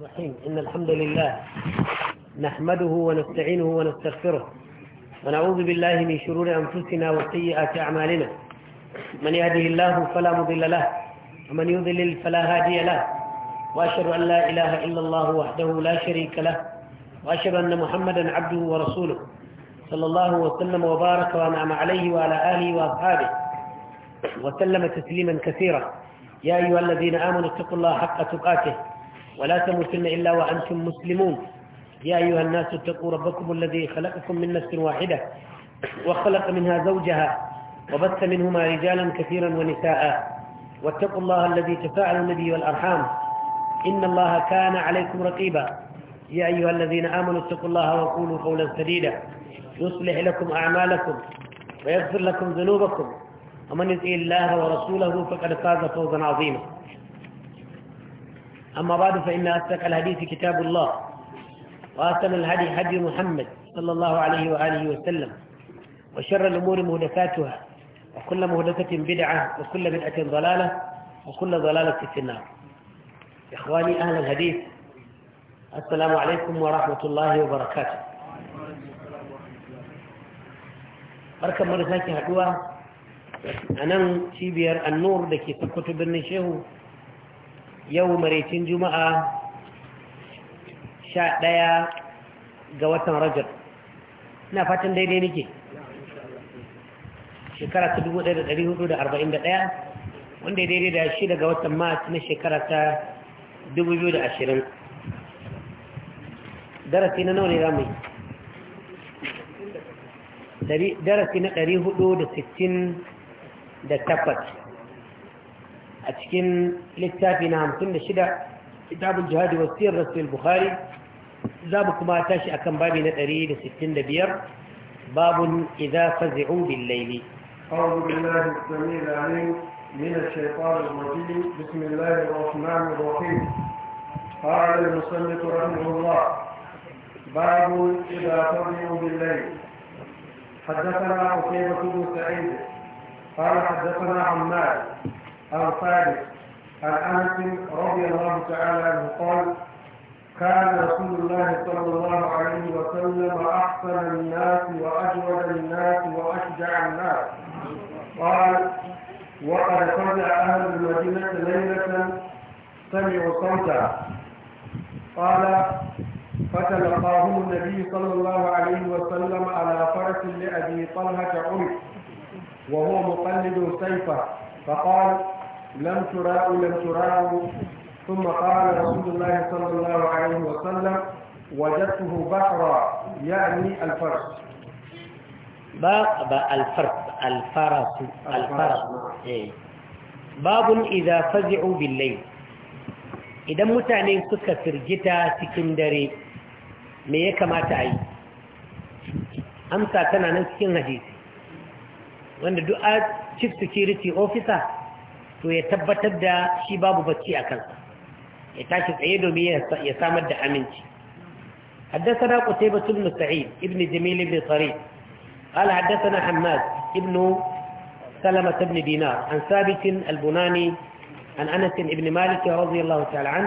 الرحيم إن الحمد لله نحمده ونستعينه ونستغفره ونعوذ بالله من شرور أنفسنا وسيئات أعمالنا من يهده الله فلا مضل له ومن يضلل فلا هادي له وأشهد أن لا إله إلا الله وحده لا شريك له وأشهد أن محمدا عبده ورسوله صلى الله وسلم وبارك وأنعم عليه وعلى آله وأصحابه وسلم تسليما كثيرا يا أيها الذين آمنوا اتقوا الله حق تقاته ولا تموتن إلا وأنتم مسلمون يا أيها الناس اتقوا ربكم الذي خلقكم من نفس واحدة وخلق منها زوجها وبث منهما رجالا كثيرا ونساء واتقوا الله الذي تفاعل النبي والأرحام إن الله كان عليكم رقيبا يا أيها الذين آمنوا اتقوا الله وقولوا قولا سديدا يصلح لكم أعمالكم ويغفر لكم ذنوبكم ومن يطع الله ورسوله فقد فاز فوزا عظيما أما بعد فإن أستقى الحديث كتاب الله وأحسن الهدي حدي محمد صلى الله عليه وآله وسلم وشر الأمور مهدفاتها وكل مهدفة بدعة وكل بدعة ضلالة وكل ضلالة في النار إخواني أهل الحديث السلام عليكم ورحمة الله وبركاته أركب مرساكي حدوة أنا شبير النور لكي تكتب النشيه yau maraicin juma'a sha ɗaya ga watan rajar na fatan daidai nake shekara ta dubu ɗaya da ɗari hudu da arba'in da ɗaya wanda daidai da shi daga watan mat na shekara ta dubu biyu da ashirin darasi na nawa ne darasi na ɗari hudu da sittin da takwas أتكن للتافي نام كن الشدع كتاب الجهاد والسير رسول البخاري زابكما تاشي أكم بابي نتري لستين دبير باب إذا فزعوا بالليل أعوذ بالله السميع العليم من الشيطان الرجيم بسم الله الرحمن الرحيم قال المسلط رحمه الله باب إذا فزعوا بالليل حدثنا قصيبة بن سعيد قال حدثنا عن مالك عن ثابت عن انس رضي الله تعالى عنه قال كان رسول الله صلى الله عليه وسلم احسن الناس واجود الناس واشجع الناس قال وقد فزع اهل المدينه ليله سمعوا صوتا قال فتلقاهم النبي صلى الله عليه وسلم على فرس لأبي طلحة عمر وهو مقلد سيفه فقال لم تراء لم تراء ثم قال رسول الله صلى الله عليه وسلم وجدته بحرا يعني الفرس باب الفرس الفرس الفرس باب إذا فزعوا بالليل idan mutane suka firgita cikin dare me ya kamata a yi amsa tana nan cikin hadisi wanda duk chief security officer to ya tabbatar da shi babu bacci a kansa ya tashi tsaye domin ya samar da aminci haddasana qutaybatu bin sa'id ibn jamil bin sarid qala haddasana hammad ibn salama dinar an sabit al-bunani an anas ibn maliki radiyallahu ta'ala an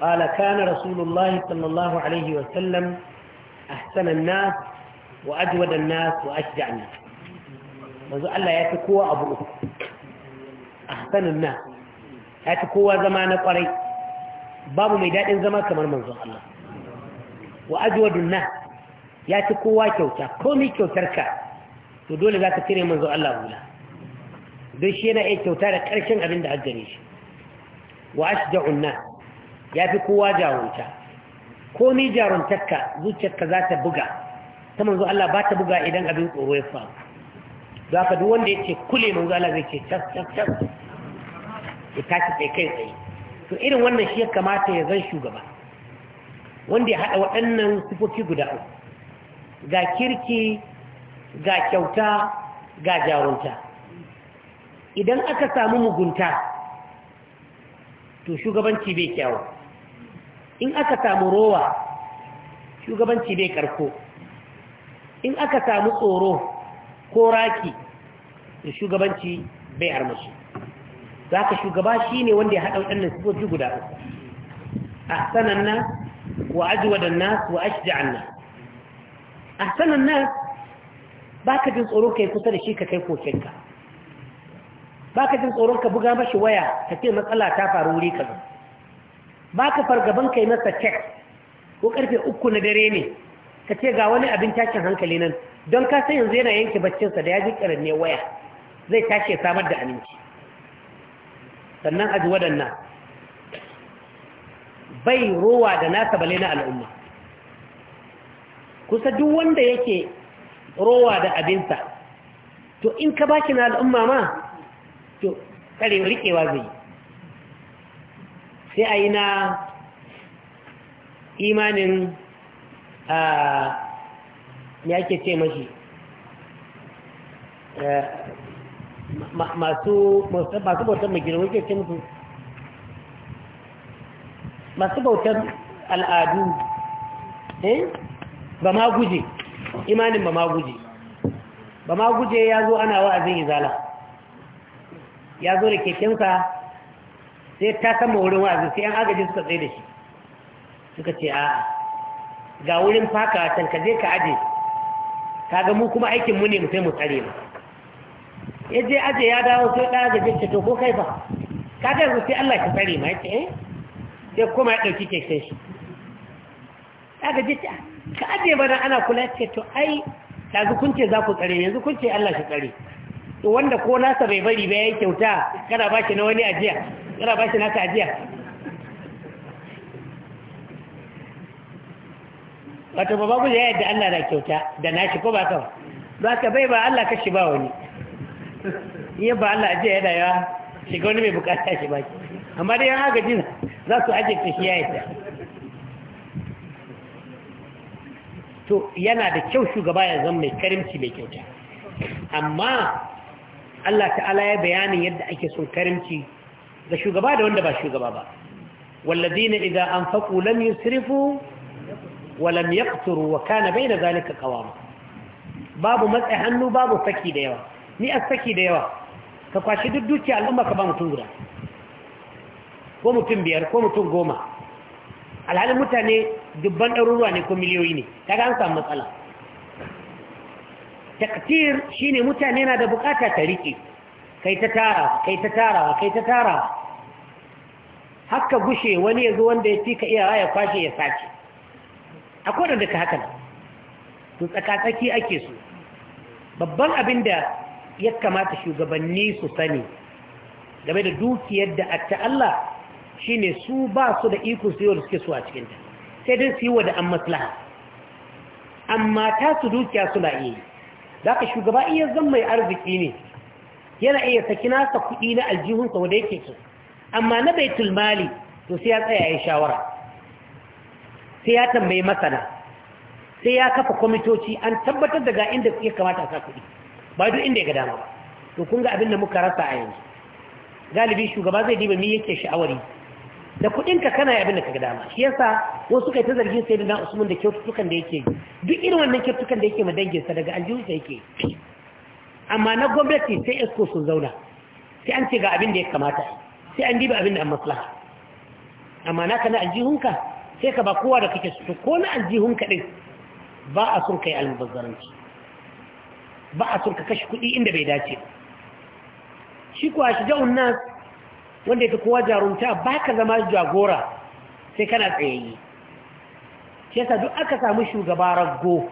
qala kana rasulullah sallallahu alayhi wa sallam ahsana an-nas wa ajwada wa ashja'an manzo Allah ya fi kowa abu uku sanin na ya fi kowa zama na kwarai babu mai daɗin zama kamar manzon Allah wa ajwadun na ya fi kowa kyauta komi kyautar ka to dole za ka cire manzon Allah wula don shi yana iya kyauta da ƙarshen abin da aggare shi wa ashja'un na ya fi kowa jarunta komai jaruntarka zuciyarka za ta buga ta manzo Allah ba ta buga idan abin tsoro ya faru za ka duk wanda ya ce kule manzo Allah zai ce tas tas tas ya tashi tsaye kai tsaye to irin wannan shi ya kamata ya zan shugaba wanda ya haɗa waɗannan sifofi guda uku ga kirki ga kyauta ga jarunta idan aka samu mugunta to shugabanci bai kyawu in aka samu rowa shugabanci bai karko in aka samu tsoro ko raki to shugabanci bai armashi za ka shugaba shi ne wanda ya haɗa waɗannan sifofi guda uku ahsanan nas wa ajwadan nas wa ashja'an nas ahsanan nas baka jin tsoron kai kusa da shi ka kai kokenka baka jin tsoron ka buga mashi waya ka ce matsala ta faru wuri kaza baka fargaban kai masa check ko karfe uku na dare ne ka ce ga wani abin tashin hankali nan don ka san yanzu yana yanke baccinsa da ya ji karanne waya zai tashi ya samar da aminci sannan a ji waɗannan bai rowa da nasa bale na al'umma kusa duk wanda yake rowa da abinsa to in ka baki na al'umma ma to tsare riƙewa zai sai a yi na imanin a ya ke ce mashi eh, masu bautar magina wake ce su? masu bautar al'adu eh? ba ma guje imanin ba ma guje ba ma guje ya zo ana wa'azin izala ya zo da kekensa sai ta kama wurin wa'azin sai an agaji suka tsaye da shi suka ce a ga wurin faka can ka ka aje ka ga mu kuma aikinmu ne mu sai mu tsare mu ya je aje ya dawo sai ɗaya da jinta to ko kai fa ka ga yanzu sai Allah ka tsare ma yake eh sai kuma ya ɗauki keken shi ɗaya da ka aje bana ana kula ce to ai yanzu kun ce za ku tsare yanzu kun ce Allah ki tsare to wanda ko nasa bai bari ba yayi kyauta kana ba shi na wani ajiya kana ba shi naka ajiya wato babu ya yadda Allah na kyauta da nashi ko ba ka ba ka bai ba Allah kashi ba wani iya ba Allah ce yana yawa shiga wani mai bukata shi baki amma dai yan agaji za su ajiye ta shi ya to yana da kyau shugaba ya zama mai karimci mai kyauta amma Allah ta'ala ya bayanin yadda ake son karimci ga shugaba da wanda ba shugaba ba idan idza anfaqu lam yusrifu wa lam yaqturu wa kana bayna zalika qawama babu matsayi hannu babu faki da yawa ni a saki da yawa ka kwashi duk dukiya al'umma ka ba mutum guda ko mutum biyar ko mutum goma alhalin mutane dubban ɗaruruwa ne ko miliyoyi ne ga an samu matsala taktir ne mutane na da bukata ta rike kai ta tara kai ta tara kai ta tara haka gushe wani ya zo wanda ya fi ka iyawa ya kwashe ya sace akwai da ka haka to tsakatsaki ake so babban abin da ya kamata shugabanni su sani game da dukiyar da atta Allah shine su ba su da ikon su yi da suke so a cikinta sai dai su yi wa da an maslaha amma ta su dukiya suna iya yi za ka shugaba iya zan mai arziki ne yana iya saki nasa kuɗi na aljihunsa wanda yake so amma na bai mali to sai ya tsaya ya shawara sai ya tambayi masana sai ya kafa kwamitoci an tabbatar daga inda ya kamata a sa kuɗi ba duk inda ya ga dama to kun ga abin da muka rasa a yanzu galibi shugaba zai diba mi yake sha'awari da kuɗin ka kana abin da ka ga dama shi yasa wasu yi ta zargin sai da usman da kyautukan da yake duk irin wannan kyautukan da yake ma danginsa daga aljihu sa yake amma na gwamnati sai esko sun zauna sai an ce ga abin da ya kamata sai an diba abin da an maslaha amma naka na aljihunka sai ka ba kowa da kake su ko na aljihunka din ba a sun kai almubazzaranci ba a son ka kashe kuɗi inda bai dace shi kuwa shi jawon nan wanda ya fi kowa jarumta ba ka zama jagora sai kana tsayayye shi yasa duk aka samu shugaba raggo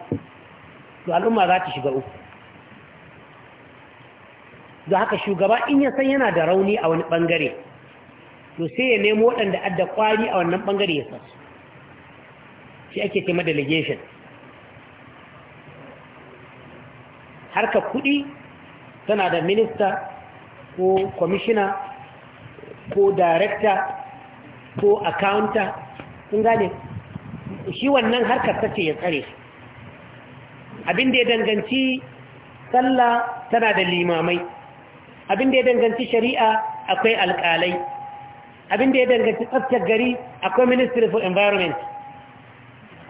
to al'umma za ta shiga uku don haka shugaba in ya san yana da rauni a wani bangare to sai ya nemo waɗanda adda kwari a wannan bangare ya sa shi ake ce madalegation Harkar kuɗi tana da minista ko kwamishina ko darekta ko akawunta sun gane shi wannan harkar ta ce ya tsare abin da ya danganci sallah tana da limamai abin da ya danganci shari'a akwai alƙalai abin da ya danganci tsaftar gari akwai ministry for environment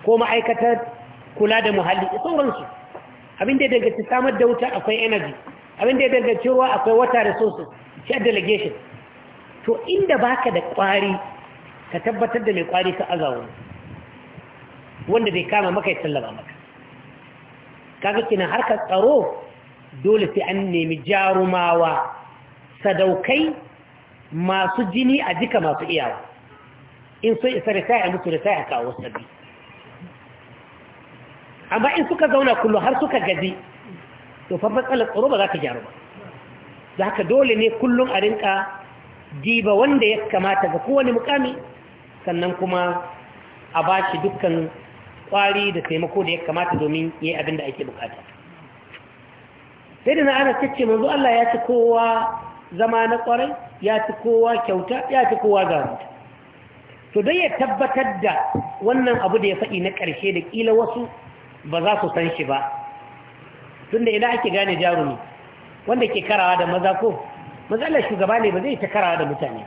ko ma'aikatar kula da muhalli sauransu abin da ya danganci samar da wuta akwai energy abin da ya danganci ruwa akwai water resources shared delegation to inda baka da kwari ka tabbatar da mai kwari ka azawa wanda zai kama maka ya sallama maka kaga kina harkar tsaro dole sai an nemi jarumawa sadaukai masu jini a jika masu iyawa in so isa da yi a mutu da sai a kawo sabbi amma in suka zauna kullum har suka gaji to fa matsalar tsoro ba za ka gyaru ba za ka dole ne kullum a rinka diba wanda ya kamata ga kowane mukami sannan kuma a ba shi dukkan kwari da taimako da ya kamata domin ya yi abin da ake bukata sai da na ana cece manzo Allah ya ci kowa zama na kwarai ya ci kowa kyauta ya ci kowa zarunta to dai ya tabbatar da wannan abu da ya faɗi na ƙarshe da ƙila wasu ba za su san shi ba tun da ina ake gane jarumi wanda ke karawa da maza ko matsalar shugaba ne ba zai ta karawa da mutane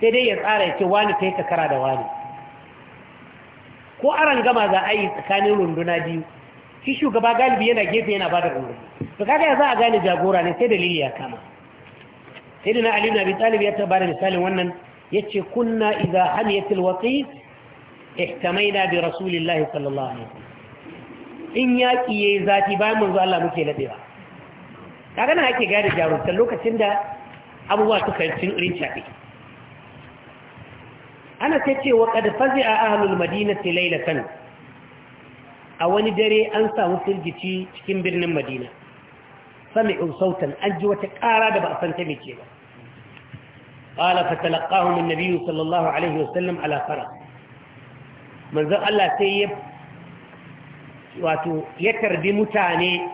sai dai ya tsara ya ce wani yi ka kara da wani ko aran gama za a yi tsakanin runduna biyu shi shugaba galibi yana gefe yana ba da runduna to kaga ya za a gane jagora ne sai dalili ya kama sai da na ali na bi talib ya tabbara misalin wannan ya ce kunna iza hamiyatil waqi na bi rasulillahi sallallahu alaihi wasallam in ya yi zafi bayan manzo Allah muke labewa kaga nan ake gane jarumta lokacin da abubuwa suka cin rinchabe ana ta ce wa qad fazi'a ahlul madinati lailatan a wani dare an samu firgici cikin birnin madina in sautan an ji wata ƙara da ba a san ta mece ba qala fatalaqahu min nabiyyi sallallahu alaihi wasallam ala faras manzon Allah sai ya wato ya tarbi mutane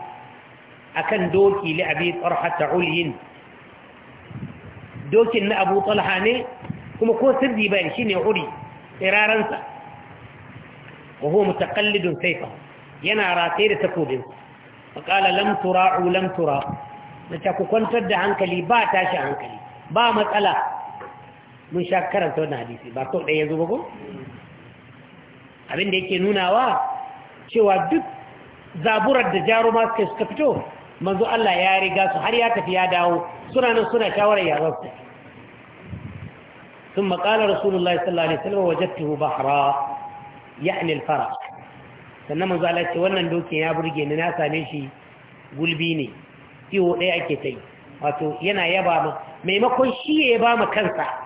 akan doki li abi tarhata ulyin dokin na abu talha ne kuma ko sirri bayan ne uri tsiraransa wa huwa mutaqallidun sayfa yana rataye da takobin faqala lam tura'u lam tura nace ku da hankali ba tashi hankali ba matsala mun sha karanta wannan hadisi ba kawai ɗaya zo ba ko abin da yake nunawa cewa duk zaburar da jaruma suka suka fito manzo Allah ya riga su har ya tafi ya dawo suna nan suna shawarar yaran su ثم قال رسول sallallahu alaihi wasallam عليه bahra ya'ni al-farq sannan manzo Allah ce wannan dokin ya burge ni na same shi gulbi ne iwo ɗaya ake ta wato yana yaba maimakon shi ya ba mu kansa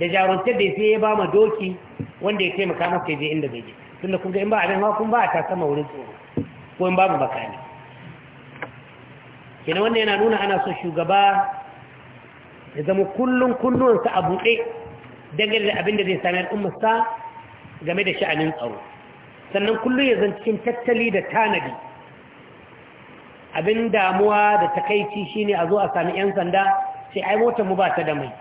da jaruntar da sai ya ba ma doki wanda ya taimaka maka je inda zai je tunda kun ga in ba abin hawa kun ba a ta sama wurin tsoro ko in babu bakani kenan wannan yana nuna ana so shugaba ya zama kullun sa a buɗe dangane da abin da zai sami sa game da sha'anin tsaro sannan kullun ya zan cikin tattali da tanadi abin damuwa da takaici shine a zo a sami 'yan sanda sai ai motar mu ba ta da mai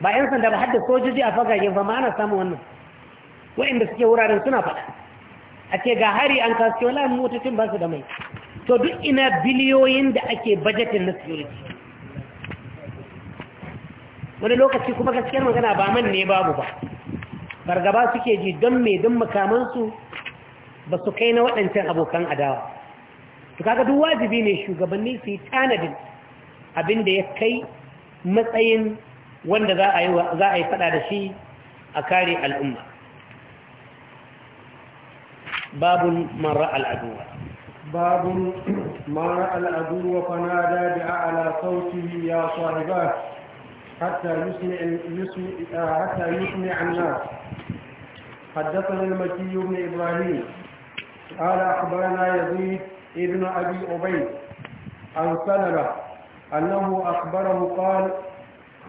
ba 'yan sanda ba hadda sojoji a fagage ba ma ana samun wannan wa'inda suke wuraren suna faɗa a ce ga hari an kasu wala motocin ba su da mai to duk ina biliyoyin da ake bajetin na security wani lokaci kuma gaskiyar magana ba man ne babu ba fargaba suke ji don mai don makamansu ba su kai na waɗancan abokan adawa to kaga duk wajibi ne shugabanni su yi tanadin abin da ya kai matsayin wanda za a yi za a yi fada da shi a kare al'umma babun man ra'a al'aduwa babun man ra'a al'aduwa da bi a'la sauti ya sahibat hatta yusmi yusmi hatta yusmi an-nas حدثنا المكي بن إبراهيم قال أخبرنا يزيد ابن أبي عبيد عن سلمة أنه أخبره قال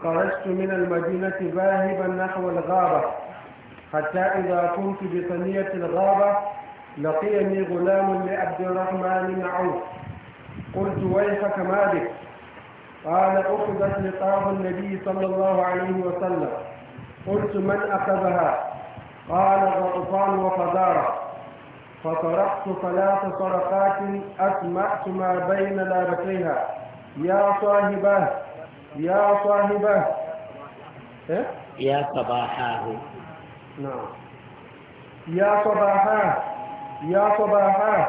خرجت من المدينة ذاهبا نحو الغابة حتى إذا كنت بثنية الغابة لقيني غلام لعبد الرحمن بن عوف قلت ويحك ما بك قال أخذت لقاء النبي صلى الله عليه وسلم قلت من أخذها قال غطفان وفزارة فطرقت ثلاث طرقات أسمعت ما بين لابتيها يا صاحباه يا صاحبه إيه؟ يا صباحاه نعم يا صباحاه يا صباحاه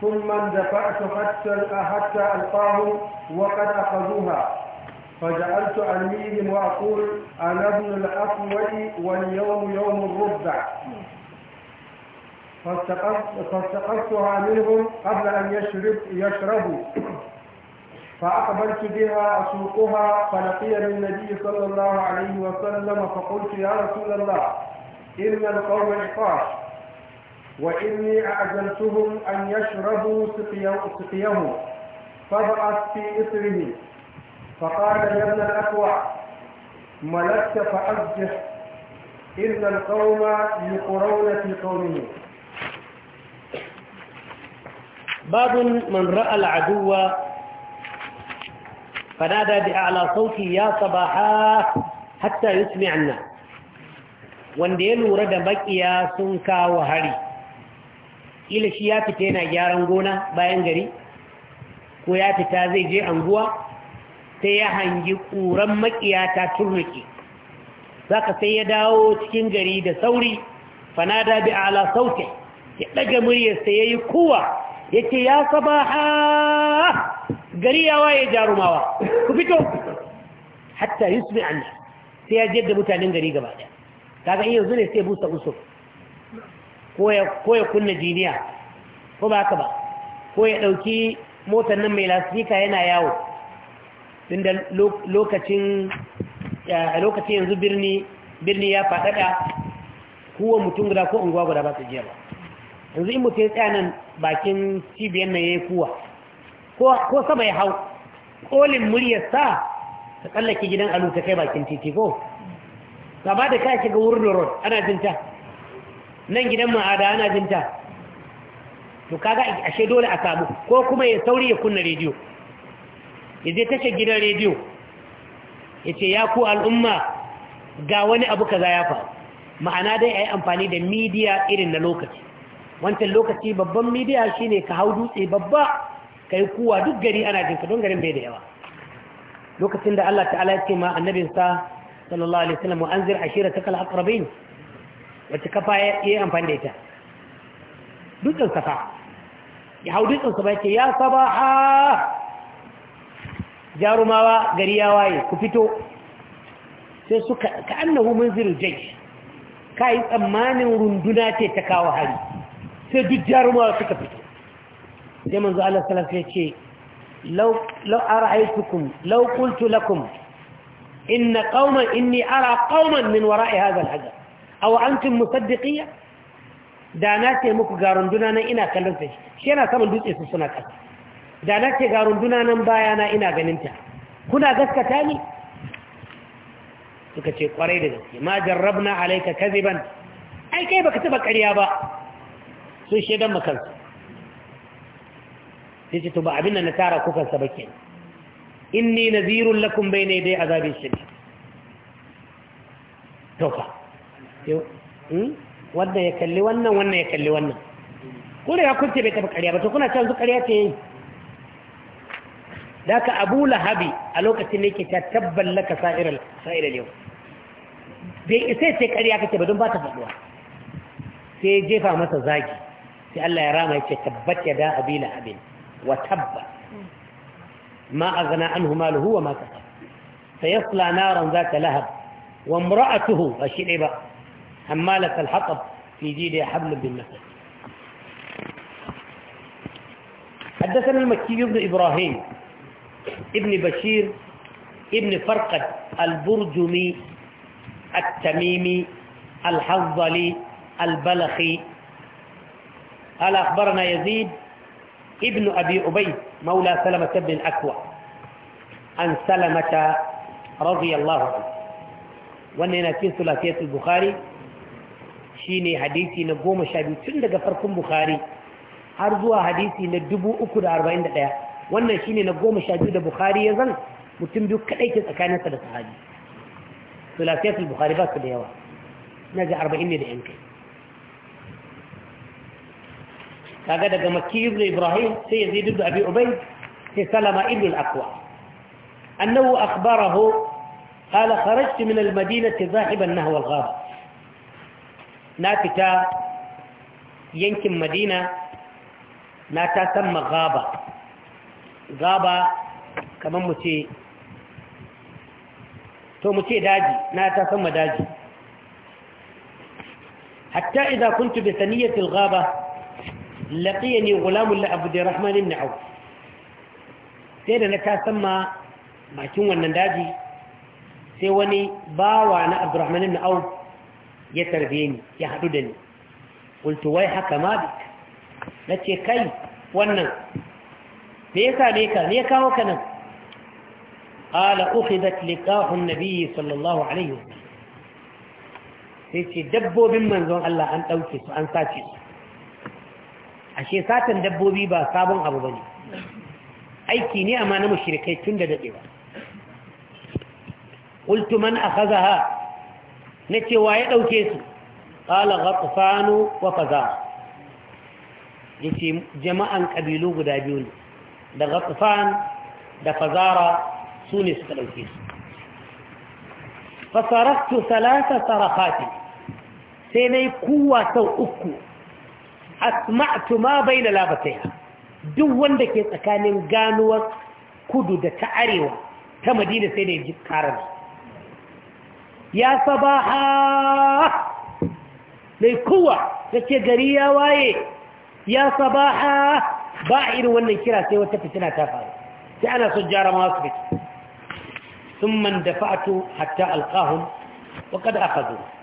ثم اندفعت حتى حتى القاهم وقد اخذوها فجعلت أرميهم وأقول أنا ابن الاسود واليوم يوم الربع فاستقصتها منهم قبل أن يشرب يشربوا فأقبلت بها أسوقها فلقي النبي صلى الله عليه وسلم فقلت يا رسول الله إن القوم عقاش وإني أعزلتهم أن يشربوا سقيه فبعث في إثره فقال يا ابن الأكوع ملكت فأزجح إن القوم يقرون في قومه باب من رأى العدو فنادى بأعلى صوته يا صباحا حتى يسمعنا wanda ya lura da maƙiya sun kawo hari ila shi ya fita yana gyaran gona bayan gari ko ya fita zai je anguwa sai ya hangi ƙuran makiya ta turnuki zaka sai ya dawo cikin gari da sauri fanada bi ala sauti ya ɗaga muryarsa yayi kuwa yace ya sabaha gari ya waye jarumawa ku fito hatta yusmi an sai ya je da mutanen gari gaba daya kaga in yanzu ne sai busa uso ko ya kunna jiniya ko ba ka ba ko ya dauki motar nan mai lasifika yana yawo tunda lokacin lokacin yanzu birni birni ya faɗaɗa kuwa mutum guda ko unguwa guda ba su jiya ba yanzu in mutum ya tsaya nan bakin cibiyar nan ya yi kuwa ko sama ya hau kolin muryarsa ta tsallake gidan alu ta kai bakin titi ko gaba da ka ga wurin road ana jinta nan gidan ma'ada ana jinta to kaga ashe dole a samu ko kuma ya sauri ya kunna rediyo ya zai tashar gidan rediyo ya ce ya ku al'umma ga wani abu ka ya faru ma'ana dai a yi amfani da midiya irin na lokaci wancan lokaci babban midiya shine ka hau dutse babba kai kuwa duk gari ana jin ka don garin bai da yawa lokacin da Allah ta'ala ya ce ma annabin sa sallallahu alaihi wasallam wa anzir ashiratakal aqrabin wacce kafa ya amfani da ita dutsen safa ya hau dutsen safa ya ce ya sabaha jarumawa gari ya waye ku fito sai suka ka annahu munzir jaysh kai tsammanin runduna ce ta kawo hari sai duk jarumawa suka fito sai manzo Allah sallallahu alaihi wasallam ce law law ara'aytukum law qultu lakum inna qauman inni ara qauman min wara'i hadha al-hajar aw antum musaddiqiyya da na ce muku ga runduna nan ina kallon ta shi yana saman dutse su suna kasa da na ce ga runduna nan baya na ina ganin ta kuna gaskata ni suka ce kwarai da gaske ma jarrabna alayka kaziban ai kai baka taba ƙarya ba sun shedan makansu sai ce to ba abin da na tara kukan sa bake inni nazirun lakum bayna dai azabin shadid to fa hmm? wanda ya kalli wannan wannan ya kalli wannan ko da kun ce bai taba karya ba to kuna cewa karya ce yi da ka abu lahabi a lokacin da yake ta tabbal laka sa'iral sa'iral yau bai isa ce ƙarya kake ba don ba ta faɗuwa sai ya jefa masa zagi sai Allah ya rama ya ce tabbat ya da abi lahabin وتب ما أغنى عنه ماله وما كسب فيصلى نارا ذات لهب وامرأته الشعبة حمالة الحطب في جيدها حبل بالنسب حدثنا المكي بن إبراهيم ابن بشير ابن فرقد البرجمي التميمي الحظلي البلخي قال أخبرنا يزيد ibnu abi ubay maula salama bin akwa an salamata radiyallahu anhu wannan yana cikin sulafiyatul bukhari shine hadisi na goma sha biyu tun daga farkon bukhari har zuwa hadisi na dubu uku da arba'in da ɗaya wannan shine na goma sha biyu da bukhari ya zan mutum biyu kaɗai ke tsakaninsa da sahabi sulafiyatul bukhari ba su da yawa na ga arba'in ne da yan kaga daga makki ibn ibrahim sai yazid ibn abi ubayd sai salama ibn al-aqwa annahu akhbarahu قال خرجت من المدينة ذاهبا نحو الغابة ناتتا يمكن مدينة ناتا سمى غابة غابة كما متي تو متي داجي ناتا سمى داجي حتى إذا كنت بثنية الغابة laqiyani ghulamun la abdurrahman ibn auf sai da na kasan ma bakin wannan daji sai wani bawa na abdurrahman ibn auf ya tarbe ni ya haɗu da ni qultu wai haka ma na ce kai wannan me yasa ne ka ne kawo ka nan qala ukhidat liqahu an-nabi sallallahu alaihi sai ce dabbobin manzon Allah an ɗauke su an sace su ashe satan dabbobi ba sabon abu bane aiki ne amma na mushrikai tun da dadewa qultu man akhazaha nace wa ya dauke su qala ghatfanu wa qaza yace jama'an kabilu guda biyu ne da ghatfan da fazara su ne suka dauke su fasaraktu thalatha sarakati sai nayi kuwa sau uku asma'tu ma baina labataiha duk wanda ke tsakanin ganuwar kudu da ta arewa ta madina sai da ya ji karar ya sabaha mai kowa ta ce gari ya waye ya sabaha ba irin wannan kira sai wata fitina ta faru sai ana son jarama su fiti sun man da hatta alkahun wa kada aka zuwa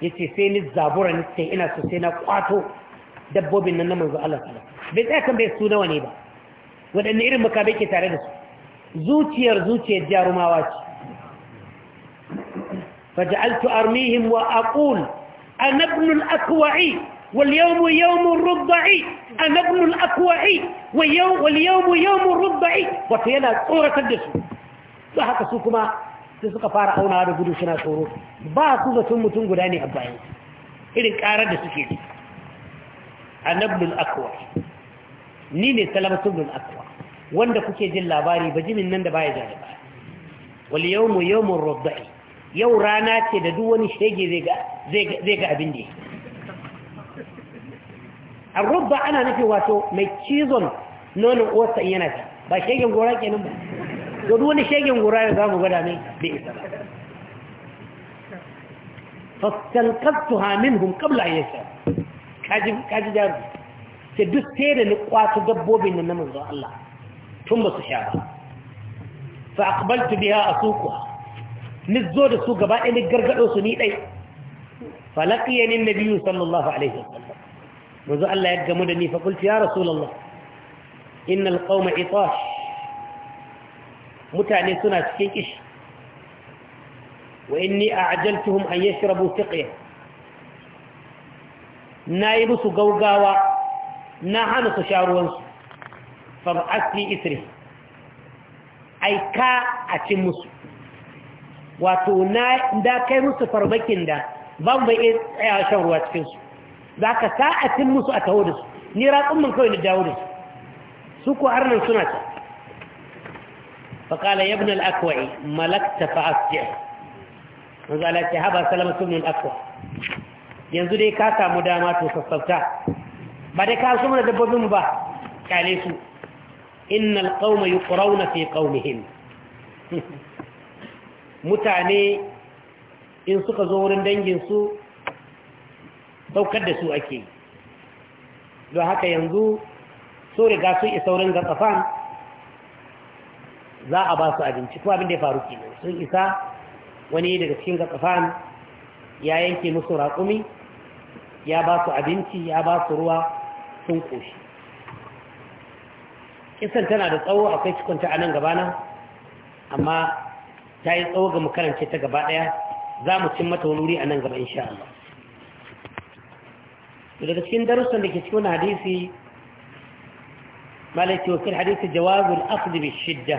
yace sai ni zabura ni sai ina so sai na kwato dabbobin nan na manzo Allah sallallahu alaihi wasallam bai tsaya kan bai su nawa ne ba wadanne irin makabe ke tare da su zuciyar zuciyar jarumawa ce faj'altu armihim wa aqul ana ibn al-aqwa'i واليوم يوم الرضع أنا ابن الأقوع واليوم يوم الرضع وفينا صورة الدسو فهكذا سوكما sai suka fara aunawa da gudu suna tsoro ba su zaton mutum guda ne a bayan irin karar da suke ne a nablul akwa ni ne nun akwa wanda kuke jin labari ba jinin nan da baya jari ba mu yau yawmur rabbi yau rana ce da duk wani shege zai ga abin da arubba ana nufi wato mai cizon nonon uwarsa yana ta ba shegen gora kenan ba to duk wani shegen gura da zamu gwada ne bai isa ba fastanqatuha minhum qabla kabla yasha kaji kaji jaru sai duk sai da kwato dabbobin nan na manzo Allah tun ba su sha ba fa a sukuwa. Ni zo da su gaba ɗaya ni gargado su ni dai falaqiyani nabiyyu sallallahu alaihi wasallam manzo Allah ya gamu da ni fa qultu ya rasulullah innal qauma itash mutane suna cikin kishi wa inni ajaltuhum an yashrabu Na nayi musu gaugawa na hana su sharuwansu fa asli isri aika a cin musu wato na da kai musu farmakin da ban bai iya tsaya shan ruwa cikinsu za ka sa a cin musu a taho da su ni raƙumin kawai na dawo da su su ko har nan suna ta فقال يا ابن الأكوع ملكت فأسجع وقال اتحابا سلامة ابن الأكوع yanzu dai ka samu dama to sassauta ba dai ka sumuna dabbobin ba kyale su innal qauma yuqrawna fi qaumihim mutane in suka zo wurin dangin su saukar da su ake don haka yanzu so riga sun isa wurin gatsafan za a ba su abinci ko abin da ya faru kenan sun isa wani daga cikin gatsafan ya yanke musu raƙumi ya ba su abinci ya ba su ruwa sun ƙoshi kisan tana da tsawo akwai cikinta a nan gabana amma ta yi tsawo ga makarance ta gaba ɗaya za mu cin mata wuri a nan gaba insha Allah daga cikin darussan da ke cikin hadisi malaki wakil hadisi jawabin akhdhi bi shidda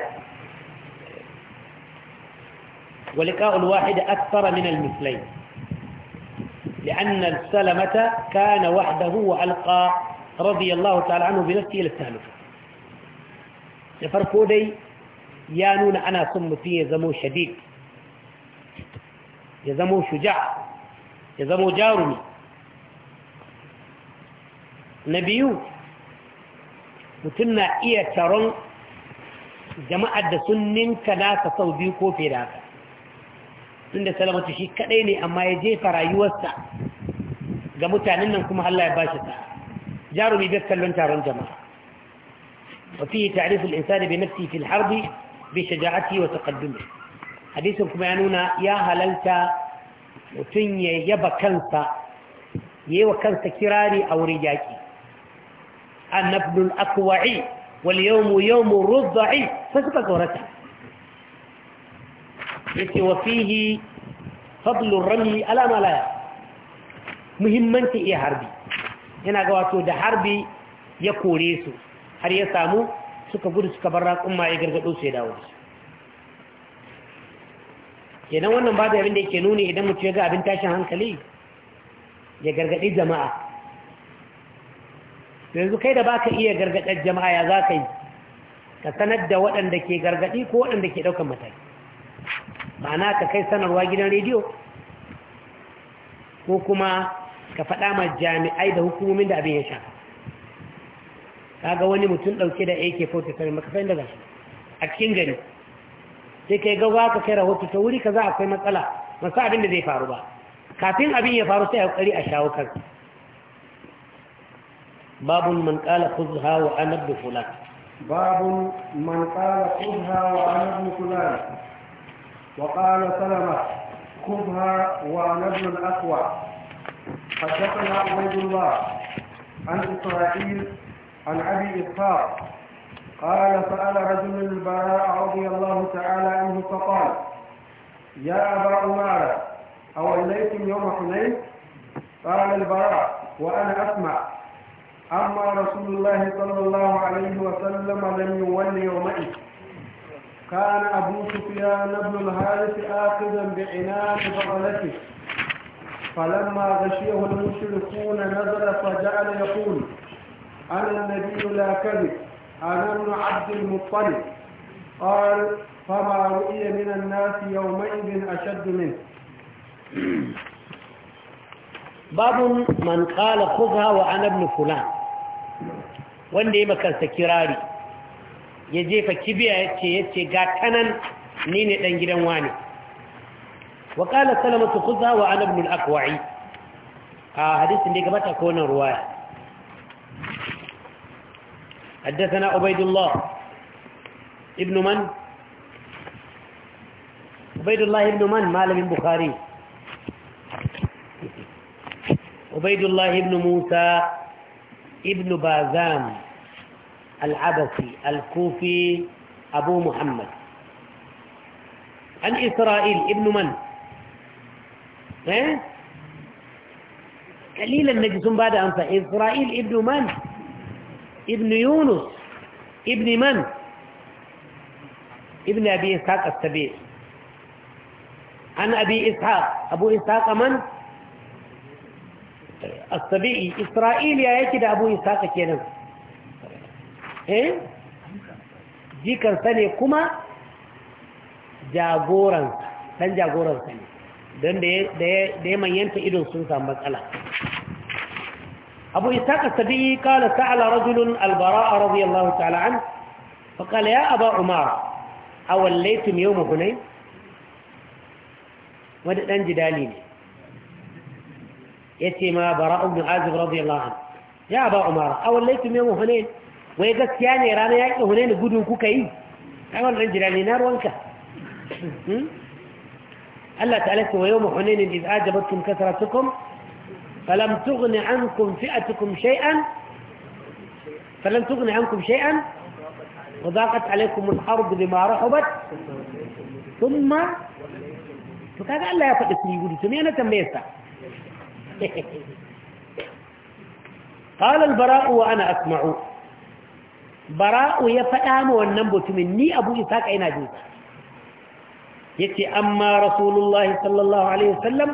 ولقاء الواحد أكثر من المثلين لأن السلمة كان وحده وألقى رضي الله تعالى عنه بنفسه إلى الثالث يفرقوا دي يانون أنا ثم في زمو شديد يزمو شجاع يزمو جارني نبيو متنا إيه ترون جماعة سنن كلا تصوديو في راك tun da salamatu shi kadai ne amma ya jefa rayuwarsa ga mutanen nan kuma Allah ya bashi ta jarumi bai kallon taron jama'a wa fi ta'rif al-insani bi nafsihi fi al-harb bi shaja'atihi wa taqaddumihi hadisin kuma ya nuna ya halalta mutum ya yaba kansa yayi wa kansa kirari a wurin yaki annabdul akwa'i wal yawmu yawmu rudda'i fa suka tsorata yake wa fihi fadlur rami ala ya muhimmanci iya harbi yana ga wato da harbi ya kore su har ya samu suka gudu suka bar ma ya gargado su ya dawo su kenan wannan ba da abin da yake nuni idan mutum ya ga abin tashin hankali ya gargadi jama'a yanzu kai da baka iya gargadar jama'a ya za ka yi ka sanar da waɗanda ke gargadi ko waɗanda ke ɗaukar mataki ma'ana ka kai sanarwa gidan rediyo ko kuma ka faɗa ma jami'ai da hukumomin da abin ya Ka kaga wani mutum ɗauke da ak-47 maka fahimta da a cikin gari sai kai ga za ka kai rahoto ta wuri ka za akwai matsala masu abin da zai faru ba kafin abin ya faru sai a ƙari a shawo kan babun man qala khudha wa anab fulan babun man qala khudha wa anab fulan وقال سلمة خذها ونبل الأقوى حدثنا عبيد الله عن إسرائيل عن أبي إسحاق قال سأل رجل البراء رضي الله تعالى عنه فقال يا أبا عمارة إليكم يوم حنين قال البراء وأنا أسمع أما رسول الله صلى الله عليه وسلم لم يولي يومئذ كان أبو سفيان بن الهارث آخذا بعناق بغلته فلما غشيه المشركون نزل فجعل يقول أنا النبي لا كذب أنا ابن عبد المطلب قال فما رؤي من الناس يومئذ أشد منه باب من قال خذها وأنا ابن فلان وإني مكان makarsa ya jefa kibiya ya ce ya ce ga tanan ni ne ɗan gidan wani wa ƙala salamatu kuza wa anabnul akwai a hadisin da gabata ko nan ruwaya حدثنا عبيد الله ابن من عبيد الله malamin من مال من بخاري العبسي الكوفي أبو محمد عن إسرائيل ابن من؟ قليلا نجسون بعد أنفع إسرائيل ابن من؟ ابن يونس ابن من؟ ابن أبي إسحاق السبيل عن أبي إسحاق أبو إسحاق من؟ السبيعي إسرائيل يا يكيد أبو إسحاق كينا eh ta ne kuma jagoran ta ne don da ya manyanta idon sun samu matsala abu isa ƙasa biyi kala ta'ala rajulun albara'a radiyallahu ta'ala an faƙala ya aba umar a tun yau mahunai wadda ɗan jidali ne ya ce ma bara'a ibn azib radiyallahu an ya aba umar a tun yau mahunai wai gaskiya ne rana ya ƙi hune ni gudun kuka yi kamar ran jira ne na ruwanka Allah ta'ala ce wa yau mahune ne iz ajabatkum kasratukum falam tughni ankum fi'atukum shay'an falam tughni ankum shay'an wa daqat alaykum al-ard bima rahabat thumma to kaga Allah ya faɗi sun gudu to me na tambaye sa قال البراء وأنا أسمعه bara'u ya faɗa ma wannan mutumin ni abu ka ina jin ya ce amma rasulullah sallallahu alaihi wasallam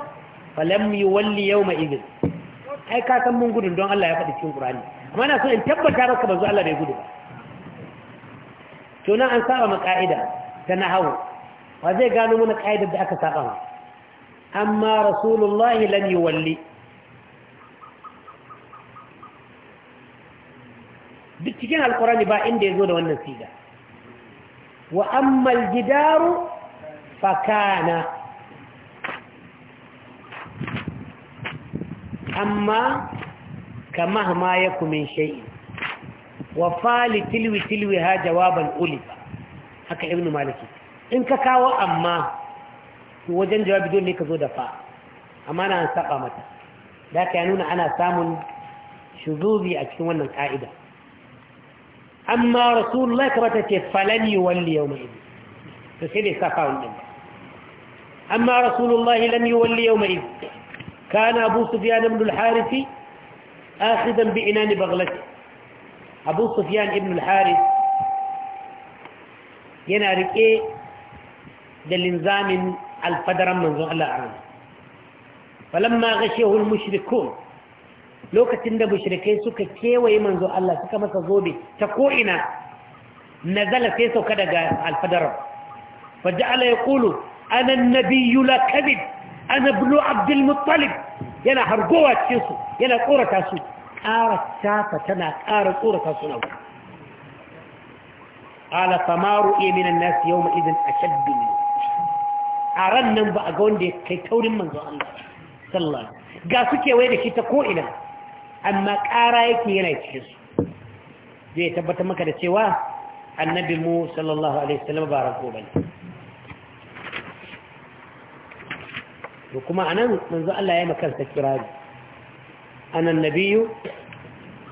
falam yi walli yau mai izin ai ka san mun gudun don Allah ya faɗi cikin ƙurani amma na so in tabbata ba zo Allah bai gudu ba to nan an saba ma ka'ida ta nahawu wa zai gano mana ka'idar da aka saba ma amma rasulullahi lam yi walli duk cikin alkurani ba inda ya zo da wannan siga wa ammal gidaru fakana amma kama ma ya kumin shai wa fali tilwi tilwi ha jawaban ulifa haka ibnu maliki in ka kawo amma wajen jawabi dole ka zo da fa amma na saba mata da ka ya nuna ana samun shuzubi a cikin wannan ka'ida amma rasulullah kuma ta ce falani walli yau mai izi to sai bai sa fa'un ɗin amma rasulullah lam yi walli yau mai izi kana abu sufiyan ibn al-harifi akhidan bi inani baghlati abu sufiyan ibn al-harif yana rike da linzamin alfadaran manzon Allah a ranar falamma gashehu al-mushrikun lokacin da mushrikai suka kewaye manzo Allah suka masa zobe ta ko ina nazala sai sauka daga alfadar fa ja'ala yaqulu ana an-nabiyyu la kadhib ana ibn abd al-muttalib yana hargowa cikin su yana tsorata su kara tsafa tana kara tsorata su nan ala samaru min an-nas yawma idhin ashadd min aran nan ba a ga wanda kai taurin manzo Allah sallallahu ga suke waye da shi ta ko ina amma ƙara yake yana cikin su zai tabbatar maka da cewa annabi mu sallallahu alaihi wasallam ba rago bane to kuma anan manzo Allah ya maka sa kirari ana nabiyyu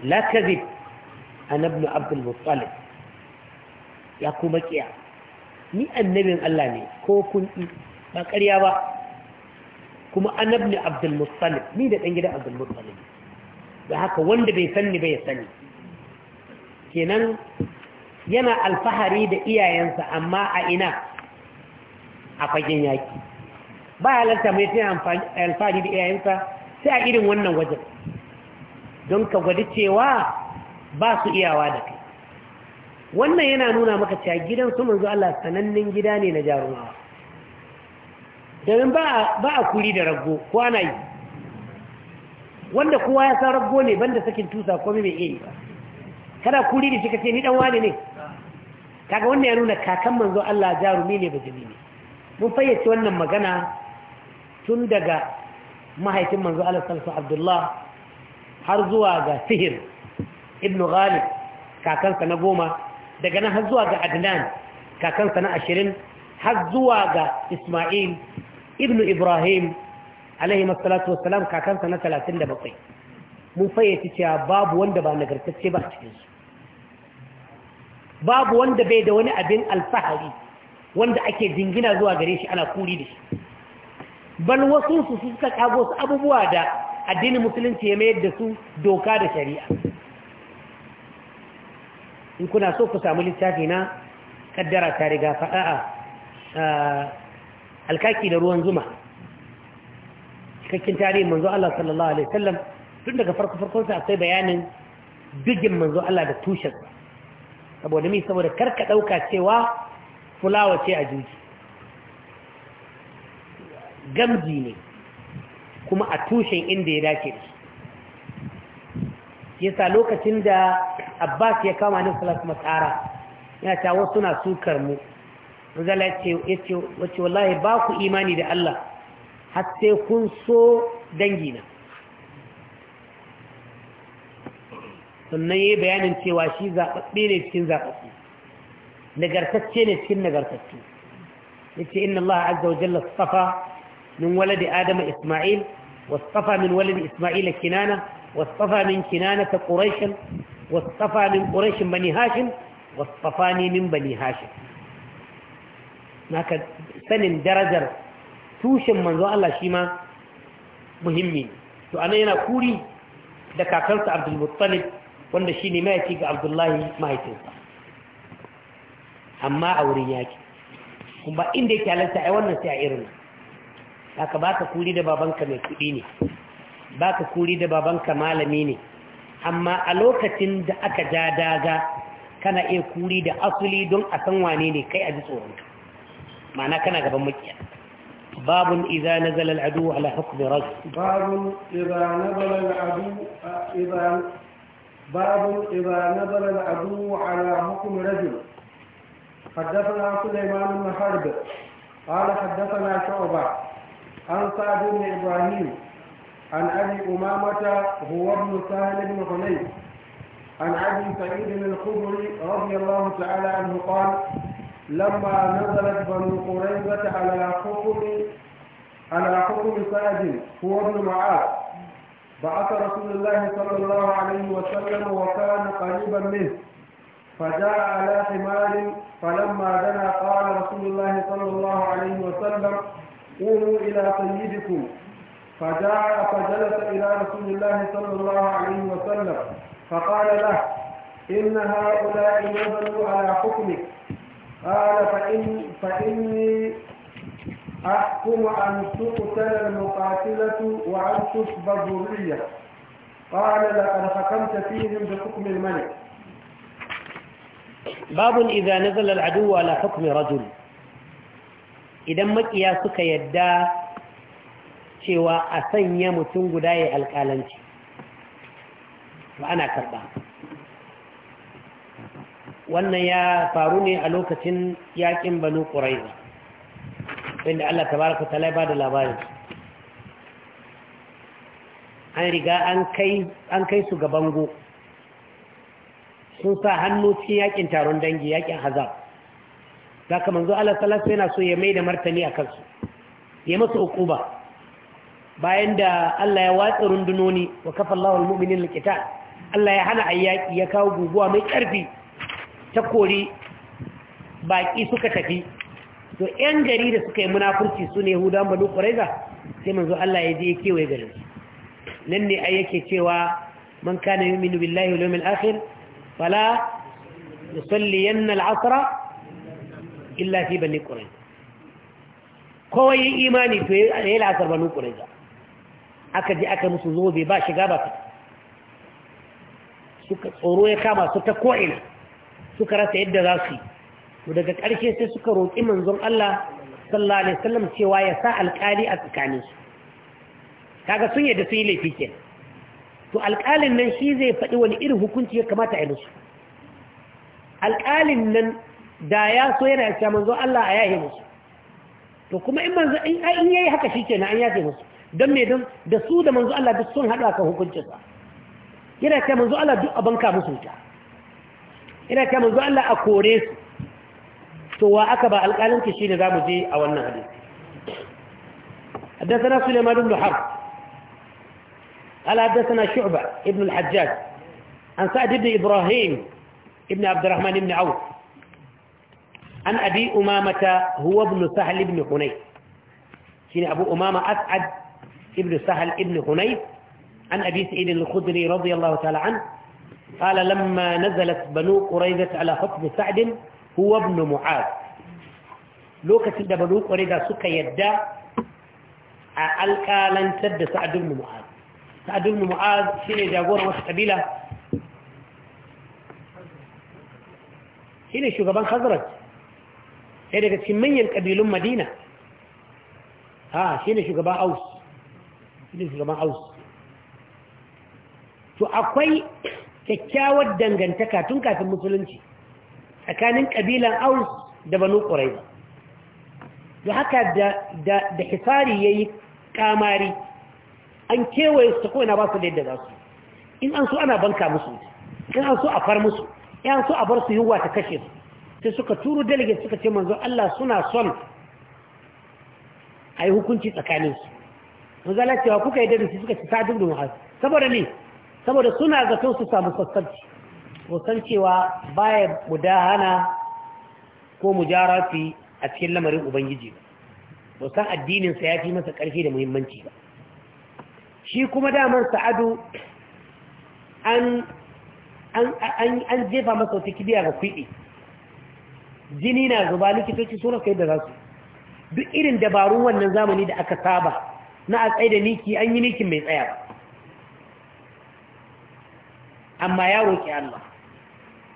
la kadhib ana ibn abdul muttalib ya kuma kiya ni annabin Allah ne ko kun ba ƙarya ba kuma annabi abdul muttalib ni da dan gidan abdul muttalib da haka wanda bai sanni bai sani kenan yana alfahari da iyayensa amma a ina a fagen yaki ba halarta mai tana alfahari da iyayensa sai a irin wannan wajen don ka gwada cewa ba su iyawa da kai wannan yana nuna maka cewa gidan su manzo Allah sanannen gida ne na jarumawa domin ba a kuri da rago ko wanda kowa ya san rabbo ne banda sakin tusa komai mai iya ba kada kuri da kika ce ni dan wani ne kaga wannan ya nuna kakan manzo Allah jarumi ne bajimi ne mun fayyace wannan magana tun daga mahaifin manzo Allah sallallahu alaihi Abdullah har zuwa ga Sihir ibn Ghalib kakansa na goma daga nan har zuwa ga Adnan kakansa na ashirin har zuwa ga Isma'il ibn Ibrahim alaihi masalatu wassalam kakansa na 37 mun fayyace cewa babu wanda ba nagartacce ba a cikinsu babu wanda bai da wani abin alfahari wanda ake jingina zuwa gare shi ana kuri da shi bal wasu su suka kago su abubuwa da addinin musulunci ya mayar da su doka da shari'a in kuna so ku samu littafi na kaddara ta riga fa'a a alkaki da ruwan zuma cikakken tarihin manzo Allah sallallahu alaihi wasallam tun daga farko farko sa akwai bayanin bigin manzo Allah da tushen saboda mi saboda karka dauka cewa fulawa ce a juji gamji ne kuma a tushen inda ya dace yasa lokacin da Abbas ya kama ni sallallahu alaihi ya ta wasu na sukar mu manzo ya ce wallahi ba ku imani da Allah har sai kun so dangina sannan ya yi bayanin cewa shi zaɓaɓɓe ne cikin zaɓaɓɓe nagartacce ne cikin nagartacce ya ce inna Allah azza wa jalla safa min walade adama isma'il wasafa min waladi isma'ila kinana wasafa min kinana ta ƙurashin wasafa min ƙurashin bani hashin wasafa ne min bani hashin na naka sanin darajar tushen manzon Allah shi ma muhimmi to anan yana kuri da kakarsa Abdul Muttalib wanda shi ne mahaifi ga Abdullahi mahaifinsa amma a wurin yaki kuma inda yake halarta ai wannan sai a irin haka baka kuri da babanka mai kuɗi ne baka kuri da babanka malami ne amma a lokacin da aka ja daga kana iya kuri da asali don a san wane ne kai a ji tsoronka ma'ana kana gaban makiya باب إذا نزل العدو على حكم رجل باب إذا نزل العدو إذا باب إذا نزل العدو على حكم رجل حدثنا سليمان بن حرب قال حدثنا شعبة عن سعد بن إبراهيم عن أبي أمامة هو ابن سهل بن حنين عن أبي سعيد الخضري رضي الله تعالى عنه قال لما نزلت بنو قريبة على حكم على حكم سعد هو ابن معاذ بعث رسول الله صلى الله عليه وسلم وكان قريبا منه فجاء على حمار فلما دنا قال رسول الله صلى الله عليه وسلم قوموا إلى سيدكم فجاء فجلس إلى رسول الله صلى الله عليه وسلم فقال له إن هؤلاء نزلوا على حكمك قال فإن فإني أحكم أن تقتل المقاتلة وأن تصب الذرية قال لقد حكمت فيهم بحكم الملك باب إذا نزل العدو على حكم رجل إذا makiya يا yadda يدا شوى sanya mutum guda ya alƙalanci ba wannan ya faru ne a lokacin yakin banu ƙuraiza inda Allah tabaraka ta ba da labarin an riga an kai su ga bango sun sa hannu cikin yakin taron dangi yakin hazab za ka manzo Allah salasa yana so ya mai da martani a kansu ya masa ba. bayan da Allah ya watsa rundunoni wa kafa wa mu'minin likita, Allah ya hana ayyaki ya kawo guguwa mai ƙarfi ta kori baƙi suka tafi to ‘yan gari da suka yi munafurci su ne an banu ƙwaraiza sai manzo Allah ya je kewaye garin nan ne a yake cewa man kana yuminu billahi wal yawmil akhir fala salli al-asra illa fi bani ƙwaraiza kowai yi imani to ya yi la'asar banu ƙwaraiza aka ji aka musu zobe ba shiga ba suka tsoro ya kama su ta ko'ina suka rasa yadda za su yi daga ƙarshe sai suka roƙi manzon Allah sallallahu alaihi wasallam cewa ya sa alƙali a tsakanin su kaga sun yadda sun yi laifi ke to alƙalin nan shi zai faɗi wani irin hukunci ya kamata a musu alƙalin nan da ya so yana cewa manzon Allah a yahe musu to kuma in manzo in in yayi haka shikenan an yafe musu dan me dan da su da manzo Allah duk sun hada kan hukuncinsa yana cewa manzo Allah duk abanka musu ta ina ta manzo Allah a kore su to wa aka ba alƙalanci shine zamu je a wannan hadisi حدثنا سليمان بن حرب قال حدثنا شعبة ابن الحجاج عن سعد بن إبراهيم ابن عبد الرحمن بن عوف عن أبي أمامة هو ابن سهل بن حنيف شين أبو أمامة أسعد ابن سهل بن حنيف عن أبي سعيد الخدري رضي الله تعالى عنه قال لما نزلت بنو قريظة على حكم سعد هو ابن معاذ لوكا سيدة بنو قريظة سكا يدى لن تد سعد بن معاذ سعد بن معاذ شيء جاغور وسقبيلة شيء شغبان خزرج هيدا daga cikin manyan ها madina ha أوس ne shugaban أوس shi ne kyakkyawar dangantaka tun kafin musulunci tsakanin ƙabilan aus da banu ba da haka da hisari ya yi ƙamari an kewaye su ta kowai ba su da za su in an so ana banka musu in an so a far musu in an so a bar su yiwuwa ta kashe su sai suka turu delegate suka ce manzo Allah suna son a yi hukunci tsakaninsu manzo Allah cewa kuka yi su suka ci sadin da muhasu saboda ne saboda suna zato su samu k'o san cewa baya mudahana ko mujarafi a cikin lamarin ubangiji ba san addininsa ya fi masa ƙarfi da muhimmanci ba shi kuma damar sa'adu an jefa masa wata kibiya ga kuɗi jini na zuba likitoci suna kai da za su duk irin dabarun wannan zamani da aka saba na a tsaye da niki an yi nikin mai tsaya ba. amma ya roƙi Allah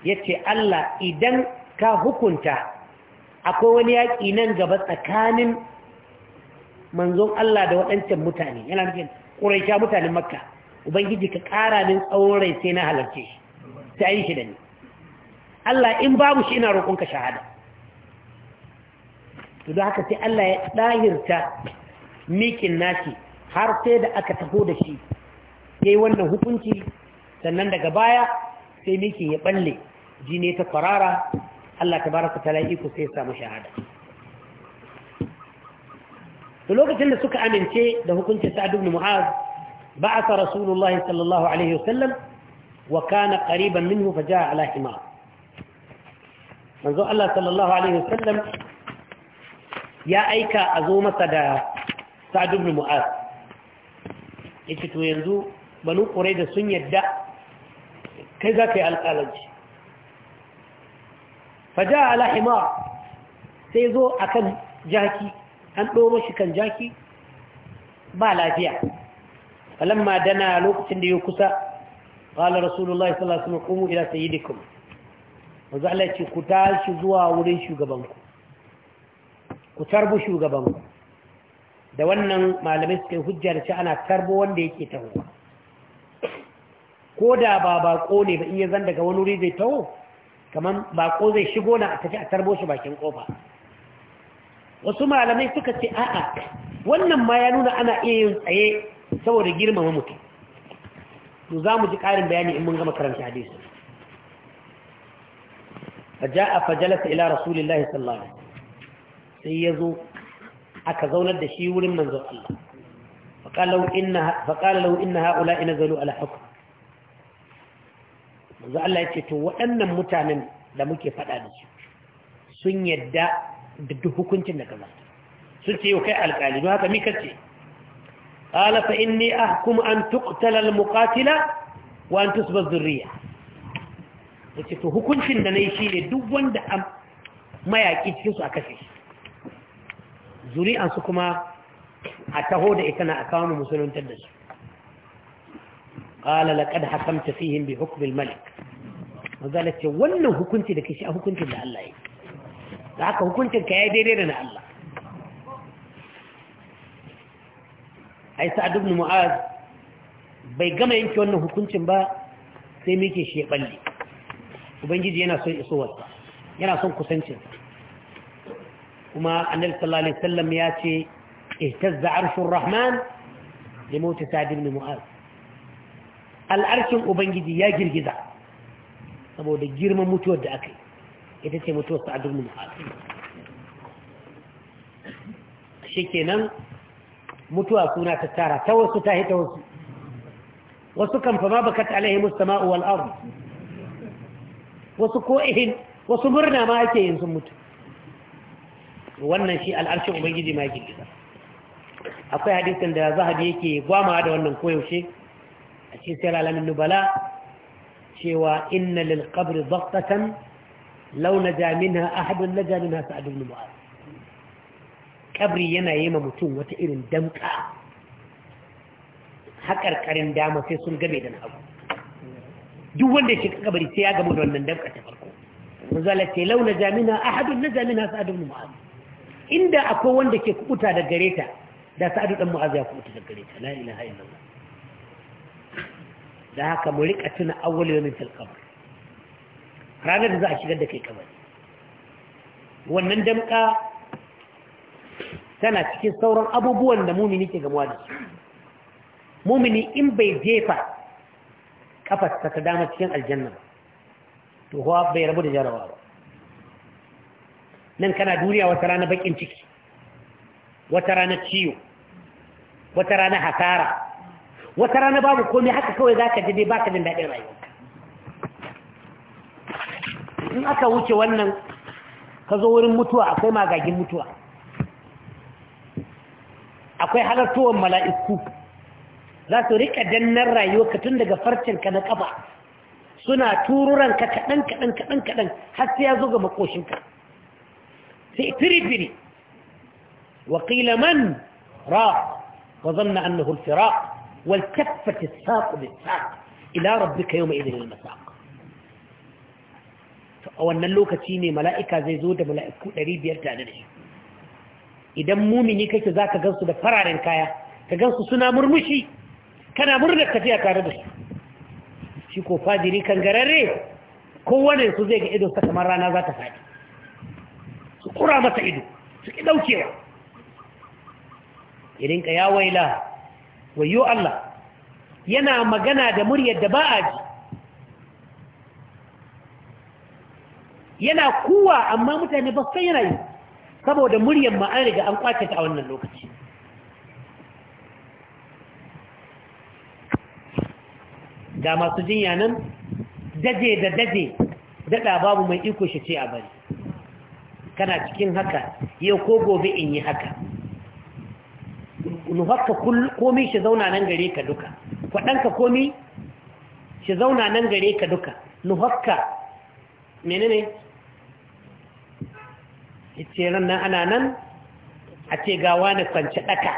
ya ce Allah idan ka hukunta akwai wani yaƙi nan gaba tsakanin manzon Allah da waɗancan mutane yana nufin ƙuraisha mutanen makka ubangiji ka ƙara min tsawon rai sai na halarce shi sai yi shi da ni Allah in babu shi ina roƙonka shahada to da haka sai Allah ya ɗahirta mikin nashi har sai da aka taho da shi ya yi wannan hukunci sannan daga baya sai mikin ya balle jini ta farara Allah ta tabaraka ta iko sai ya samu shahada to lokacin da suka amince da hukuncin Sa'ad ibn Mu'az ba'atha Rasulullahi sallallahu alaihi wasallam wa kana qariban minhu faja'a ala himar manzo Allah sallallahu alaihi wasallam ya aika a zo masa da Sa'ad ibn Mu'az yace to yanzu banu Qurayda sun yadda kai za ka yi alƙalanci faja alahima sai zo a kan jaki an ɗoma shi kan jaki ba lafiya falamma dana lokacin da ya kusa ƙalar rasulullahi sallallahu alaihi wasallam ila sayyidikum wanzu Allah ya ce ku tashi zuwa wurin shugabanku ku tarbi shugabanku da wannan malamai suka yi hujjar ana tarbo wanda yake tahowa ko da ba bako ne ba iya zan daga wani wuri zai taho kamar bako zai shigo na a tafi a tarbo shi bakin kofa wasu malamai suka ce a'a wannan ma ya nuna ana iya yin tsaye saboda girmama mutum to za mu ji ƙarin bayani in mun gama karanta hadisi faja'a jalasa ila rasulillahi sallallahu alaihi sai yazo aka zaunar da shi wurin manzon Allah faqala lahu inna faqala lahu inna ha'ula'i nazalu ala hukm yanzu Allah ya ce to waɗannan mutanen da muke faɗa da su sun yadda da duk hukuncin da kaza sun ce yau kai alƙali don haka mi kace qala fa inni ahkum an tuqtala almuqatila wa an tusba dhurriya yace to hukuncin da nayi shine duk wanda am mayaki cikin su a kashe zuri'an su kuma a taho da ita na akawun musuluntar da su qala laqad hakamta fihim bi hukm al-malik magana ce wannan hukunci da kashi a hukuncin da Allah yi da haka hukuncin ka yayi daidai da na Allah ai sa'ad ibn mu'az bai gama yanke wannan hukuncin ba sai muke shi ya balle ubangiji yana son isowarsa yana son kusancinsa kuma annabi sallallahu ya ce ihtazza rahman ya mawt mu'az al'arshin ubangiji ya girgiza saboda girman mutuwar da aka yi ita ce mutuwar sa'adun mu'ad shi kenan mutuwa suna ta tara ta wasu ta hita wasu wasu kan fama bakat alaihi sama'u uwal aru wasu ko ihin wasu murna ma ake yin sun mutu wannan shi al'arshin ubangiji ma girgiza akwai hadisin da zahabi yake gwamawa da wannan koyaushe a cikin sayar alamin nubala cewa inna lil qabri launa law naja minha ahadun naja minha sa'ad ibn mu'adh kabri yana yi ma mutum wata irin damka haƙarƙarin dama sai sun game da hagu duk wanda ya shiga kabari sai ya gamu da wannan damka ta farko manzala ce law naja na ahadun naja a sa'ad ibn mu'adh inda akwai wanda ke kuɓuta da gareta da sa'ad ibn mu'adh ya kubuta da gareta la ilaha illallah da haka mu rika tuna awwal yawmin fil qabr ranar da za a shigar da kai kabari wannan damka tana cikin sauran abubuwan da mumini ke gamuwa da su mumini in bai jefa kafarsa ta dama cikin aljanna to huwa bai rabu da jarawa ba nan kana duniya wata rana bakin ciki wata rana ciwo wata rana hasara wata rana babu komai haka kawai za ka ba baka jin daɗin rayuwa in aka wuce wannan ka zo wurin mutuwa akwai magagin mutuwa akwai halartowar mala'iku za su rika dannar rayuwa tun daga farcinka na ƙafa suna tururan ka kaɗan kaɗan kaɗan kaɗan har sai ya zo ga makoshinka sai firi Wakilaman, ra wa zanna annahu والتفت الساق بالساق إلى ربك يومئذ المساق a wannan lokaci ne mala'ika zai zo da mala'iku biyar tare da shi idan mumini kake za ka gansu da fararen kaya ka gansu suna murmushi kana murna tafiya tare da su shi ko fajiri kan gararre kowane su zai ga ido sa kamar rana za ta faɗi su kura mata ido su ki ɗaukewa irin ka ya waila wayo Allah yana magana da muryar da ba a ji yana kuwa amma mutane ba san yana yi saboda muryar ma an riga an kwace ta a wannan lokaci ga masu jinya nan daje da daje daɗa babu mai iko shi ce a bari kana cikin haka yau ko gobe in yi haka nufarka komi shi zauna nan gare ka duka kwaɗanka komi shi zauna nan gare ka duka nufarka mene ne ce ran ana nan a ce gawa na kwanci ɗaka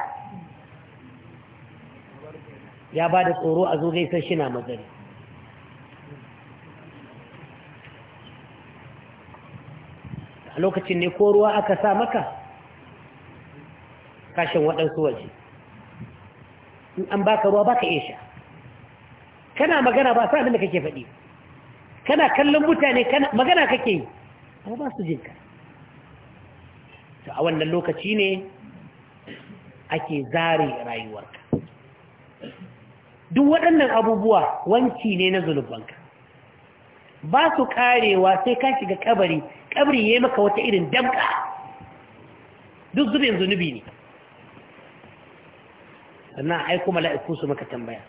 ya ba da tsoro a zo sai shi na mazari a lokacin ne ko ruwa aka sa maka kashin waɗansu waje in an baka ruwa baka iya sha kana magana ba sa abin da kake faɗi kana kallon mutane magana kake yi amma ba su jinka to a wannan lokaci ne ake zare rayuwarka duk waɗannan abubuwa wanci ne na zunubanka ba su karewa sai ka shiga kabari kabari ya maka wata irin damka duk zubin zunubi ne sannan a aiko mala'iku su maka tambaya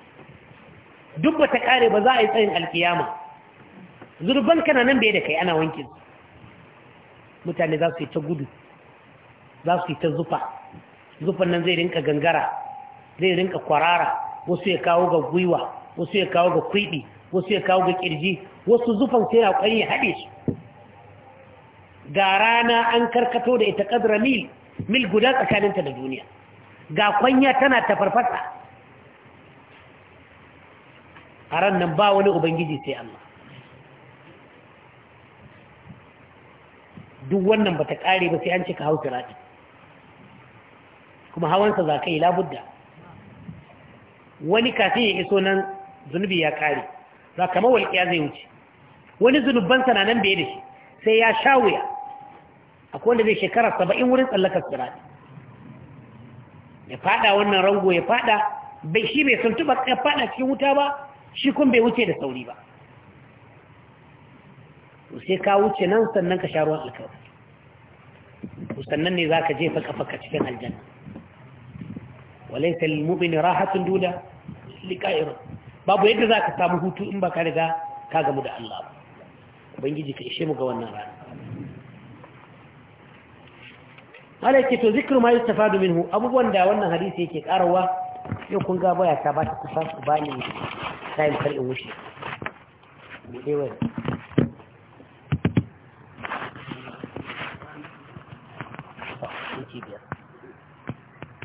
duk ba ta kare ba za a yi tsayin alkiyama zurban na nan bai da kai ana wankin mutane za su yi ta gudu za su yi ta zufa zufan nan zai rinka gangara zai rinka kwarara wasu ya kawo ga gwiwa wasu ya kawo ga kwiɗi wasu ya kawo ga ƙirji wasu zufan sai na ya haɗe su ga rana an karkato da ita ƙadra mil mil guda tsakaninta da duniya ga kwanya tana ta farfata. a ran nan ba wani ubangiji sai Allah duk wannan ba ta ƙare ba sai an cika hau firaɗi kuma hawansa za ka yi labudda wani kafin ya iso nan zunubi ya kare, za kama walƙiya zai wuce wani zunubansa na nan bai da shi sai ya sha wuya akwai wanda zai shekara saba'in wurin tsallakar firaɗi ya fada wannan rango ya fada bai shi bai santu ba ya fada cikin wuta ba shi kun bai wuce da sauri ba to sai ka wuce nan sannan ka sha ruwan to sannan ne zaka jefa kafarka cikin aljanna walaysa lil rahatun duda liqa'ir babu yadda zaka samu hutu in baka ka riga ka gamu da Allah ba ubangiji ka ishe mu ga wannan rana malaki to zikru ma yustafadu minhu abubuwan da wannan hadisi yake karawa yau kun ga baya ta ba ta kusa ku ba time kar in wuce bude wai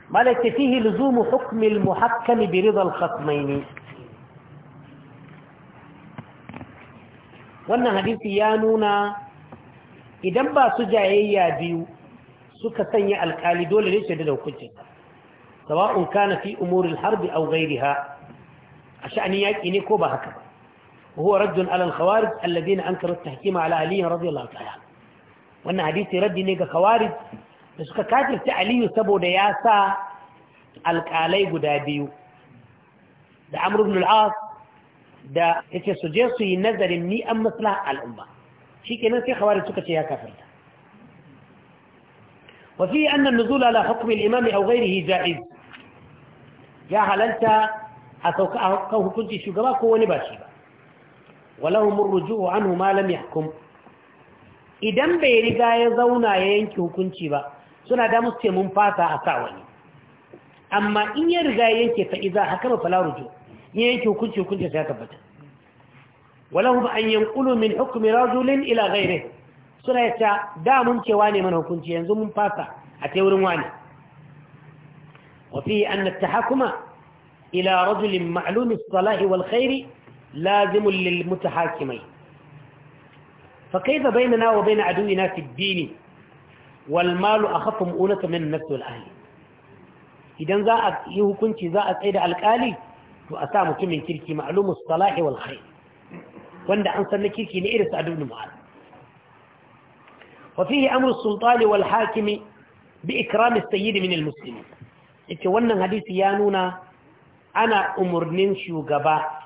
malaki fihi luzumu hukmi al-muhakkam bi wannan hadisi ya nuna idan ba su jayayya biyu suka sanya alkali dole ne shaida da hukuncin sawa'un kana fi umuri alharbi aw ghayriha a sha'ani yaki ne ko ba haka ba huwa raddun ala وهو رد على الخوارج ala ali radiyallahu ta'ala wannan hadisi raddi ne ga khawarij da suka kafirta ali saboda ya sa alkalai guda biyu da amur ibn al al'as da yake suje su yi nazarin ni an maslaha al'umma shi kenan sai khawarij suka ce ya kafirta وفيه أن النزول على حكم الإمام أو غيره جائز يا هللت أتوقعه كنت شقباك ونباشي ولهم الرجوع عنه ما لم يحكم idan bai riga ya zauna ya yanke hukunci ba suna da musu mun fata a sa wani amma in ya riga ya yanke fa iza haka ba fala rujo ya yanke hukunci hukunci sai tabbata walahu an yanqulu min hukmi rajulin ila ghayrihi suna yata da mun cewa ne mana hukunci yanzu mun fasa a ta wani wafi an tahakuma ila rajulin ma'lumis salahi wal khairi lazimun lil hakimai. fa kaifa bainana wa bain aduwina fi dini wal malu hafa mu'unata min nafsi wal idan za a yi hukunci za a da alkali to a sa mutumin kirki ma'lumus salahi wal khairi wanda an san na kirki ne irin sa'ad ibn mu'adh وفيه أمر السلطان والحاكم بإكرام السيد من المسلمين yake wannan hadisi ya nuna ana umarnin shugaba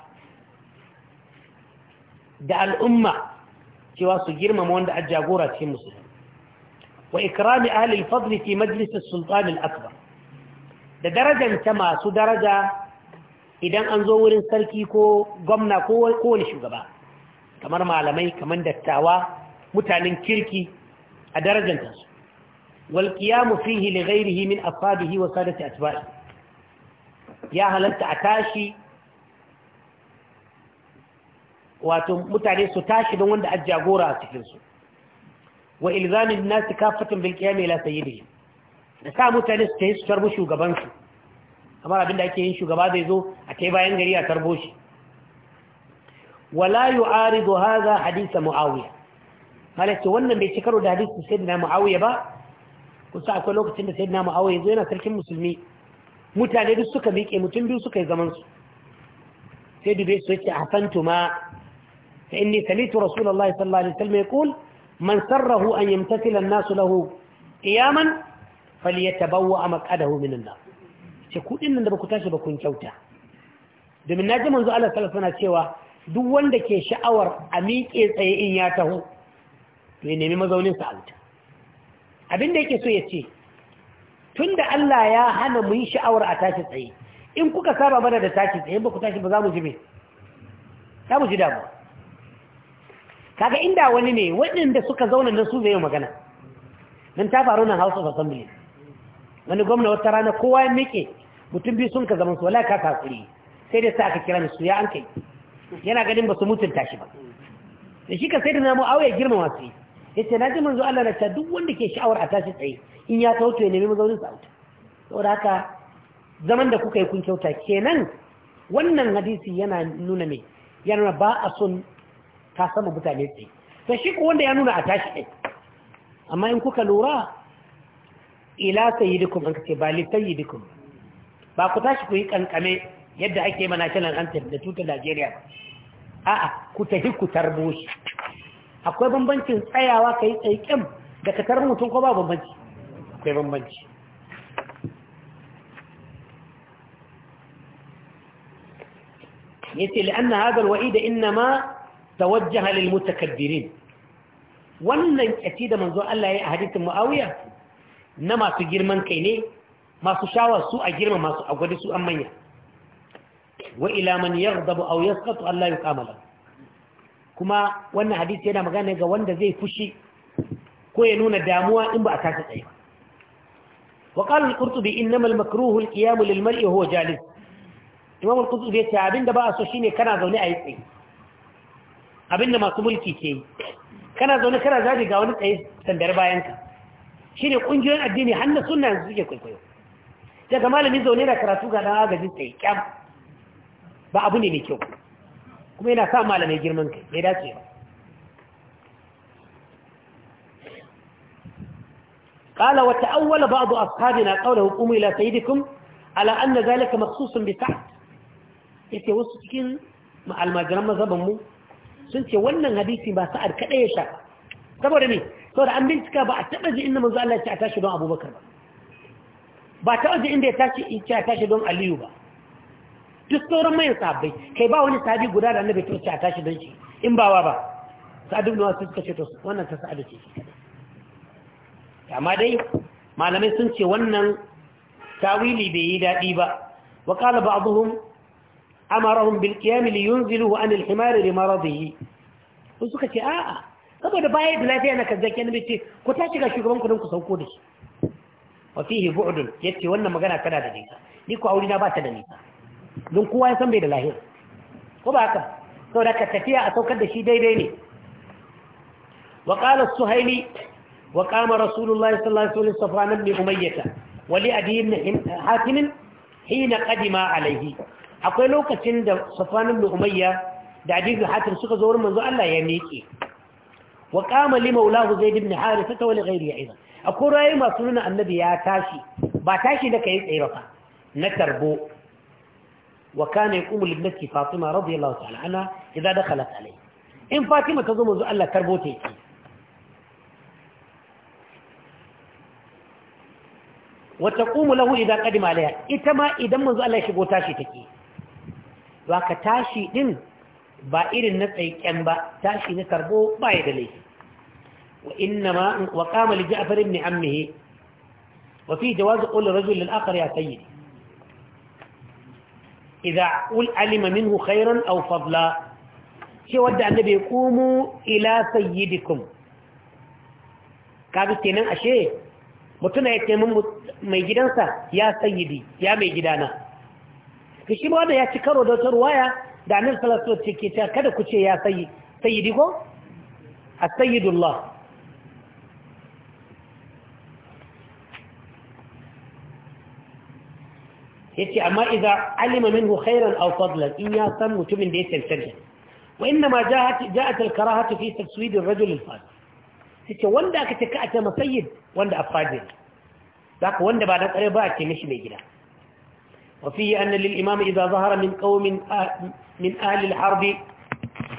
da al'umma cewa su girmama wanda a jagora cikin musulmi wa ikrami ahlil fadli fi majalisar sultanin akbar da darajanta masu daraja idan an zo wurin sarki ko gwamna ko wani shugaba kamar malamai kamar dattawa mutanen kirki a darajanta su wal fihi li ghayrihi min ashabihi wa sadati atba'i ya halatta a tashi wato mutane su tashi don wanda an jagora a cikin su wa ilzamin nasi kafatan bil qiyam ila sayyidihi da sa mutane su tayi su tarbo shugaban su amma abin da ake yin shugaba zai zo a kai bayan gari a tarbo shi Walayu yu'aridu haza hadisa muawiya malaka wannan bai ci karo da hadisi sayyidina muawiya ba kusa akwai lokacin da sayyidina muawiya yazo yana sarkin musulmi mutane duk suka miƙe mutum biyu suka yi zaman su sai dube su yace ahsantuma fa inni salitu rasulullahi sallallahu alaihi wasallam yaqul man sarrahu an yamtasila an-nas lahu qiyaman falyatabawwa maq'adahu min an-nar ce kudin nan da ku tashi ba kun kyauta domin naji manzo Allah sallallahu alaihi wasallam cewa duk wanda ke sha'awar a miƙe tsaye in ya taho to ya nemi mazaunin sa auta abin da yake so ya ce Tun da Allah ya hana mu yi sha'awar a tashi tsaye in kuka saba mana da tashi tsaye ba ku tashi ba za mu ji me za mu ji damu kaga inda wani ne waɗanda suka zauna na su zai magana nan ta faru nan House of Assembly wani gwamna wata rana kowa ya miƙe mutum biyu sun ka zaman su wala ka kakuri sai dai sa aka kira su ya an kai yana ganin ba su mutunta shi ba da shi ka sai da namu auya girma masu yi yace na ji manzo Allah na ta duk wanda ke sha'awar a tashi tsaye in ya tauto ya nemi mazaunin sa auta saboda haka zaman da kuka yi kun kyauta kenan wannan hadisi yana nuna ne yana nuna ba a son ka sama mutane tsaye to shi ko wanda ya nuna a tashi tsaye amma in kuka lura ila sayyidikum an kace ba li sayyidikum ba ku tashi ku yi kankame yadda ake mana kiran antar da tutar Najeriya a'a ku tafi ku tarbo shi akwai bambancin tsayawa ka yi tsaikin da ka tarar mutum ko ba bambanci akwai bambanci wa'ida li'anna hadha alwa'id wajen tawajjaha lilmutakabbirin wannan kaci da manzo Allah ya yi a hadithin Muawiya na masu girman kai ne masu shawa su a girma masu agwadi su an manya wa ila man yaghdabu aw yasqatu Allah yuqamala kuma wannan hadisi yana magana ga wanda zai fushi ko ya nuna damuwa in ba a tashi tsaye wa qala al-qurtubi innama al-makruhu al-qiyam lil-mar'i huwa jalis imam al-qurtubi ya ce abinda ba a so shine kana zaune a yi tsaye abinda masu mulki ke yi kana zaune kana zabi ga wani tsaye sandar bayan ka shine kungiyoyin addini har na sunna yanzu suke kwaikwayo daga malami zaune da karatu ga dan agaji tsaye kyam ba abu ne mai kyau kuma yana sa malamai girman kai bai dace ba Kala wata قال وتأول بعض na قوله قوموا إلى سيدكم على Zalika, ذلك مخصوص بسعد yake wasu cikin almajiran mazhabanmu sun ce wannan hadisi ba sa'ad kada ya sha saboda ne saboda an bincika ba a taɓa ji inda manzo Allah ya ce a tashi don Abubakar ba ba taɓa ji inda ya tashi ya tashi don Aliyu ba duk sauran mayan sahabbai kai ba wani sahabi guda da annabi turci a tashi don shi in ba wa ba sa'ad nawa wasu kashe ce to wannan ta sa'adu ce amma dai malamai sun ce wannan tawili bai yi daɗi ba wa qala ba'dhum amarahum bil qiyam li yunziluhu an mara da yi su suka ce a'a saboda baya da lafiya na kazzaki annabi ce ku tashi ga shugaban ku don ku sauko da shi wa fihi ya ce wannan magana tana da nisa ni ku aure na ba ta da nisa don kowa ya san bai da lahira ko ba haka sau da ka tafiya a saukar da shi daidai ne wa ƙalar suhaili wa ƙama rasulullahi sallallahu alaihi safanan mai umayyata wali adiyin hatimin hina ƙadima alaihi akwai lokacin da safanan mai umayya da adiyin hatim suka zo wurin manzo Allah ya miƙe wa ƙama limaulahu zai dibni harisa ta wani gairi ya iza akwai rayu masu nuna annabi ya tashi ba tashi da ka yi tsaye ba na tarbo وكان يقوم لابنته فاطمة رضي الله تعالى عنها إذا دخلت عليه إن فاطمة تظن أن لا تربوتي وتقوم له إذا قدم عليها إتما إذا منذ الله يشبه تاشي تكي وكتاشي إن بائر النسعي كان با تاشي نتربو بايد ليه وإنما وقام لجعفر ابن عمه وفي جواز قول الرجل للآخر يا سيدي idza ul alima minhu khairan aw fadla cewa da annabi kumu ila sayyidikum kaga kenan ashe mutuna yake mai gidansa ya sayyidi ya mai gidana to shi ma ya ci karo da wata ruwaya da annabi sallallahu alaihi ke cewa kada ku ce ya sayyidi ko as-sayyidullah يتي أما إذا علم منه خيرا أو فضلا إن يأتم وتبن ديت الفرجة وإنما جاءت, جاءت الكراهة في تسويد الرجل الفاضل يتي واندا كتكأت مسيد وندا أفاضل ذاك وندا بعد قريبا مش ميجنا وفيه أن للإمام إذا ظهر من قوم من أهل الحرب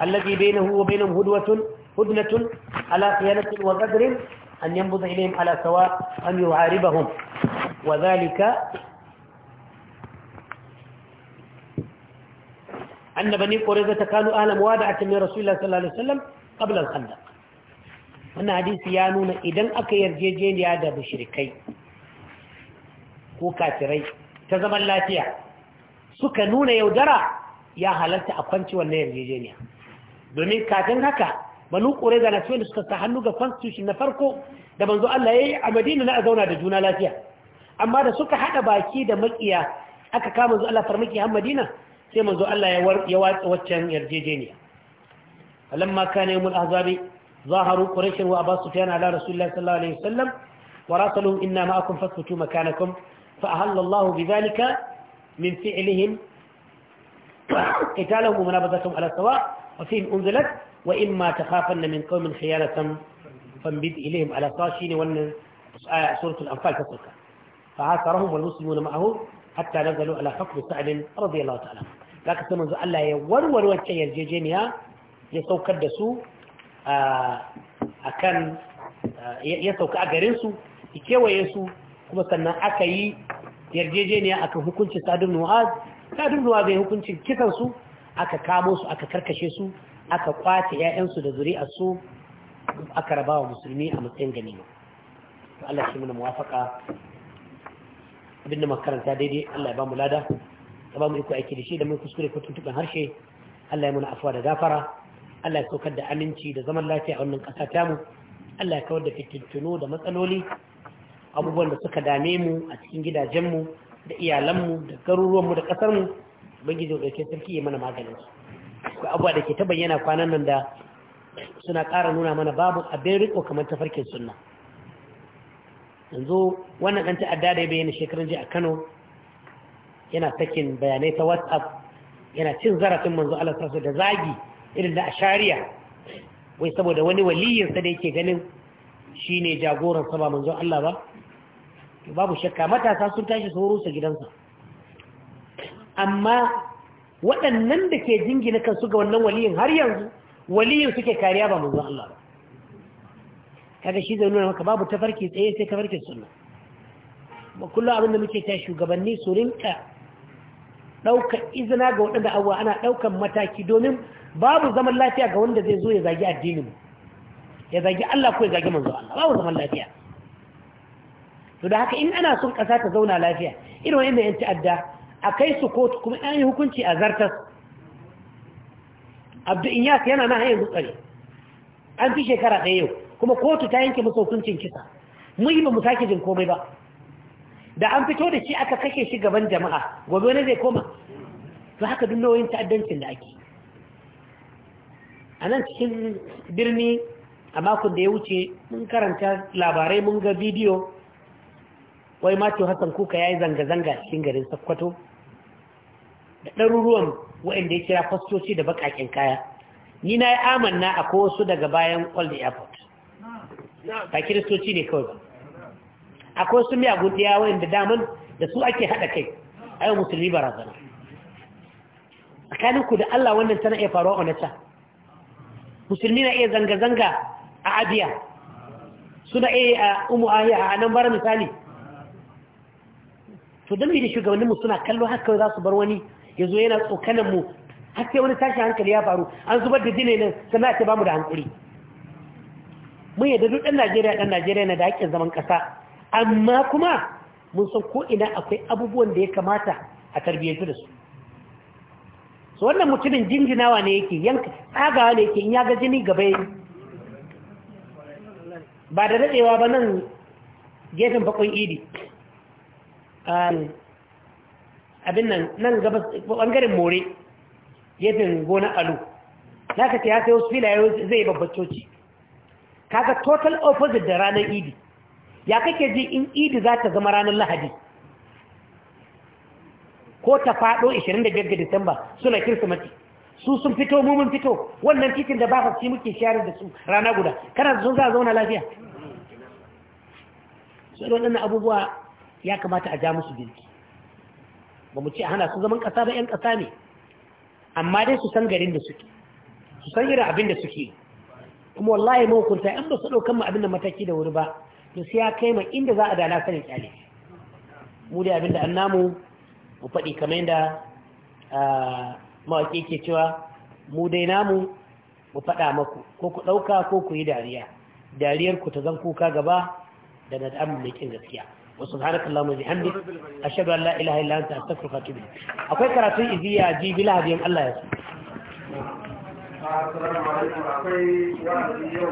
الذي بينه وبينهم هدوة هدنة على قيادة وغدر أن ينبض إليهم على سواء أن يعاربهم وذلك أن بني قريظة كانوا أهلا موادعة من رسول الله صلى الله عليه وسلم قبل الخندق وأن حديث يانون إذن أكا يرجيجين يادا بشركي كوكاتري تزمن لا تيع suka nuna yaudara ya halarta a kwanci wannan yarjejeniya domin kafin haka banu ƙure da da suka sa hannu ga constitution na farko da manzo Allah ya yi a madina na a zauna da juna lafiya amma da suka haɗa baki da makiya aka kama zuwa Allah farmaki a madina sai manzo Allah ya watsa waccan yarjejeniya falamma kana yawmul ahzabi ظاهروا قريش وابا سفيان على رسول الله صلى الله عليه وسلم وراسلهم انا معكم فاثبتوا مكانكم فاهل الله بذلك من فعلهم قتالهم ومنابذتهم على سواء وفيهم انزلت واما تخافن من قوم خيانه فانبذ اليهم على صاشين ون سوره الانفال تسلك فعاثرهم والمسلمون معه حتى نزلوا على حكم سعد رضي الله تعالى عنه za ka manzo Allah ya warware wancan yarjejeniya ya saukar da su a kan ya sauka a garinsu ya kewaye su kuma sannan aka yi yarjejeniya kan hukuncin sadun nuwaz sadun nuwaz ya hukuncin kisansu aka kamo su aka karkashe su aka kwace 'ya'yansu da zuri'arsu aka raba wa musulmi a matsayin ganima Allah shi muna muwafaka abinda makaranta daidai Allah ya ba mu lada ka ba mu iko aiki da shi da mun kuskure ko tuntuɓen harshe Allah ya muna afuwa da gafara Allah ya saukar da aminci da zaman lafiya a wannan ƙasa mu. Allah ya kawar da fitintunu da matsaloli abubuwan da suka dame mu a cikin gidajen mu, da iyalan mu, da garuruwan mu, da ƙasar ƙasarmu ubangiji ke sarki ya mana maganin su akwai da ke ta bayyana kwanan nan da suna ƙara nuna mana babu abin riko kamar tafarkin sunna yanzu wannan ɗan ta'adda da ya bayyana shekarun jiya a kano yana sakin bayanai ta whatsapp yana cin zarafin manzo Allah sarsu da zagi irin da ashariya wai saboda wani waliyinsa da yake ganin shi ne jagoran ba manzo Allah ba babu shakka matasa sun tashi sun rusa gidansa amma waɗannan da ke jingina kansu ga wannan waliyin har yanzu waliyin suke kariya ba manzo Allah ba kaga shi zai nuna maka babu tafarki tsaye sai tafarkin sunna ba kullum abin da muke ta shugabanni su rinka ɗaukar izina ga waɗanda abuwa ana ɗaukar mataki domin babu zaman lafiya ga wanda zai zo ya zagi addinin ya zagi Allah ko ya zagi manzo Allah babu zaman lafiya to da haka in ana son ƙasa ta zauna lafiya irin wani mai yanci adda a kai su kotu kuma an yi hukunci a zartas abdu inyas yana na hanyar tsare an fi shekara ɗaya yau kuma kotu ta yanke masa hukuncin kisa mun yi ba mu sake jin komai ba da an fito da shi aka kake shi gaban jama'a gobe wani zai koma to haka duk nauyin ta'addancin da ake a nan cikin birni a makon da ya wuce mun karanta labarai mun ga bidiyo wai matu hassan kuka ya yi zanga-zanga cikin garin sakkwato da ɗaruruwan waɗanda ya kira fastoci da baƙaƙen kaya ni na yi amanna a kowasu daga bayan old airport ba kiristoci ne kawai ba akwai su miyagun ɗaya wanda daman da su ake haɗa kai a yau musulmi barazana tsakaninku da Allah wannan tana iya faruwa a nata musulmi na iya zanga-zanga a abiya suna iya a umu a nan bara misali to don da shugabanninmu suna kallo haka za su bar wani ya zo yana tsokananmu har sai wani tashin hankali ya faru an zubar da dine nan sana ta ba mu da hankuri mun yadda duk ɗan najeriya ɗan najeriya na da haƙƙin zaman ƙasa amma kuma mun san ko ina akwai abubuwan da ya kamata a tarbiyyantu da su so wannan mutumin jinjinawa ne yake yanka tsagawa ne yake in ya ga jini gaba ba da daɗewa ba nan gefen bakon idi abin nan nan gabas ɓangaren more gefen gona alu na ka ya sai wasu filaye zai babbar coci kaga total opposite da ranar idi ya kake ji in idi za ta zama ranar lahadi ko ta faɗo 25 ga disamba suna kirsimati su sun fito mu fito wannan titin da ba ci muke shayar da su rana guda kana sun za a zauna lafiya su da waɗannan abubuwa ya kamata a ja musu bilki ba mu ce hana su zaman ƙasa ba 'yan ƙasa ne amma dai su san garin da suke su san irin abin da suke kuma wallahi mahukunta 'yan ba su ɗaukan mu abin da mataki da wuri ba to sai ya kai ma inda za a da na sanin kyale mu da abinda an namu mu faɗi kamar yadda mawaƙi ke cewa mu dai namu mu faɗa maku ko ku ɗauka ko ku yi dariya dariyar ku ta zan kuka gaba da na da mai kin gaskiya wa subhanaka allahumma bihamdik ashhadu an la ilaha illa anta astaghfiruka wa atubu akwai karatun iziya ji bila hadiyan Allah ya so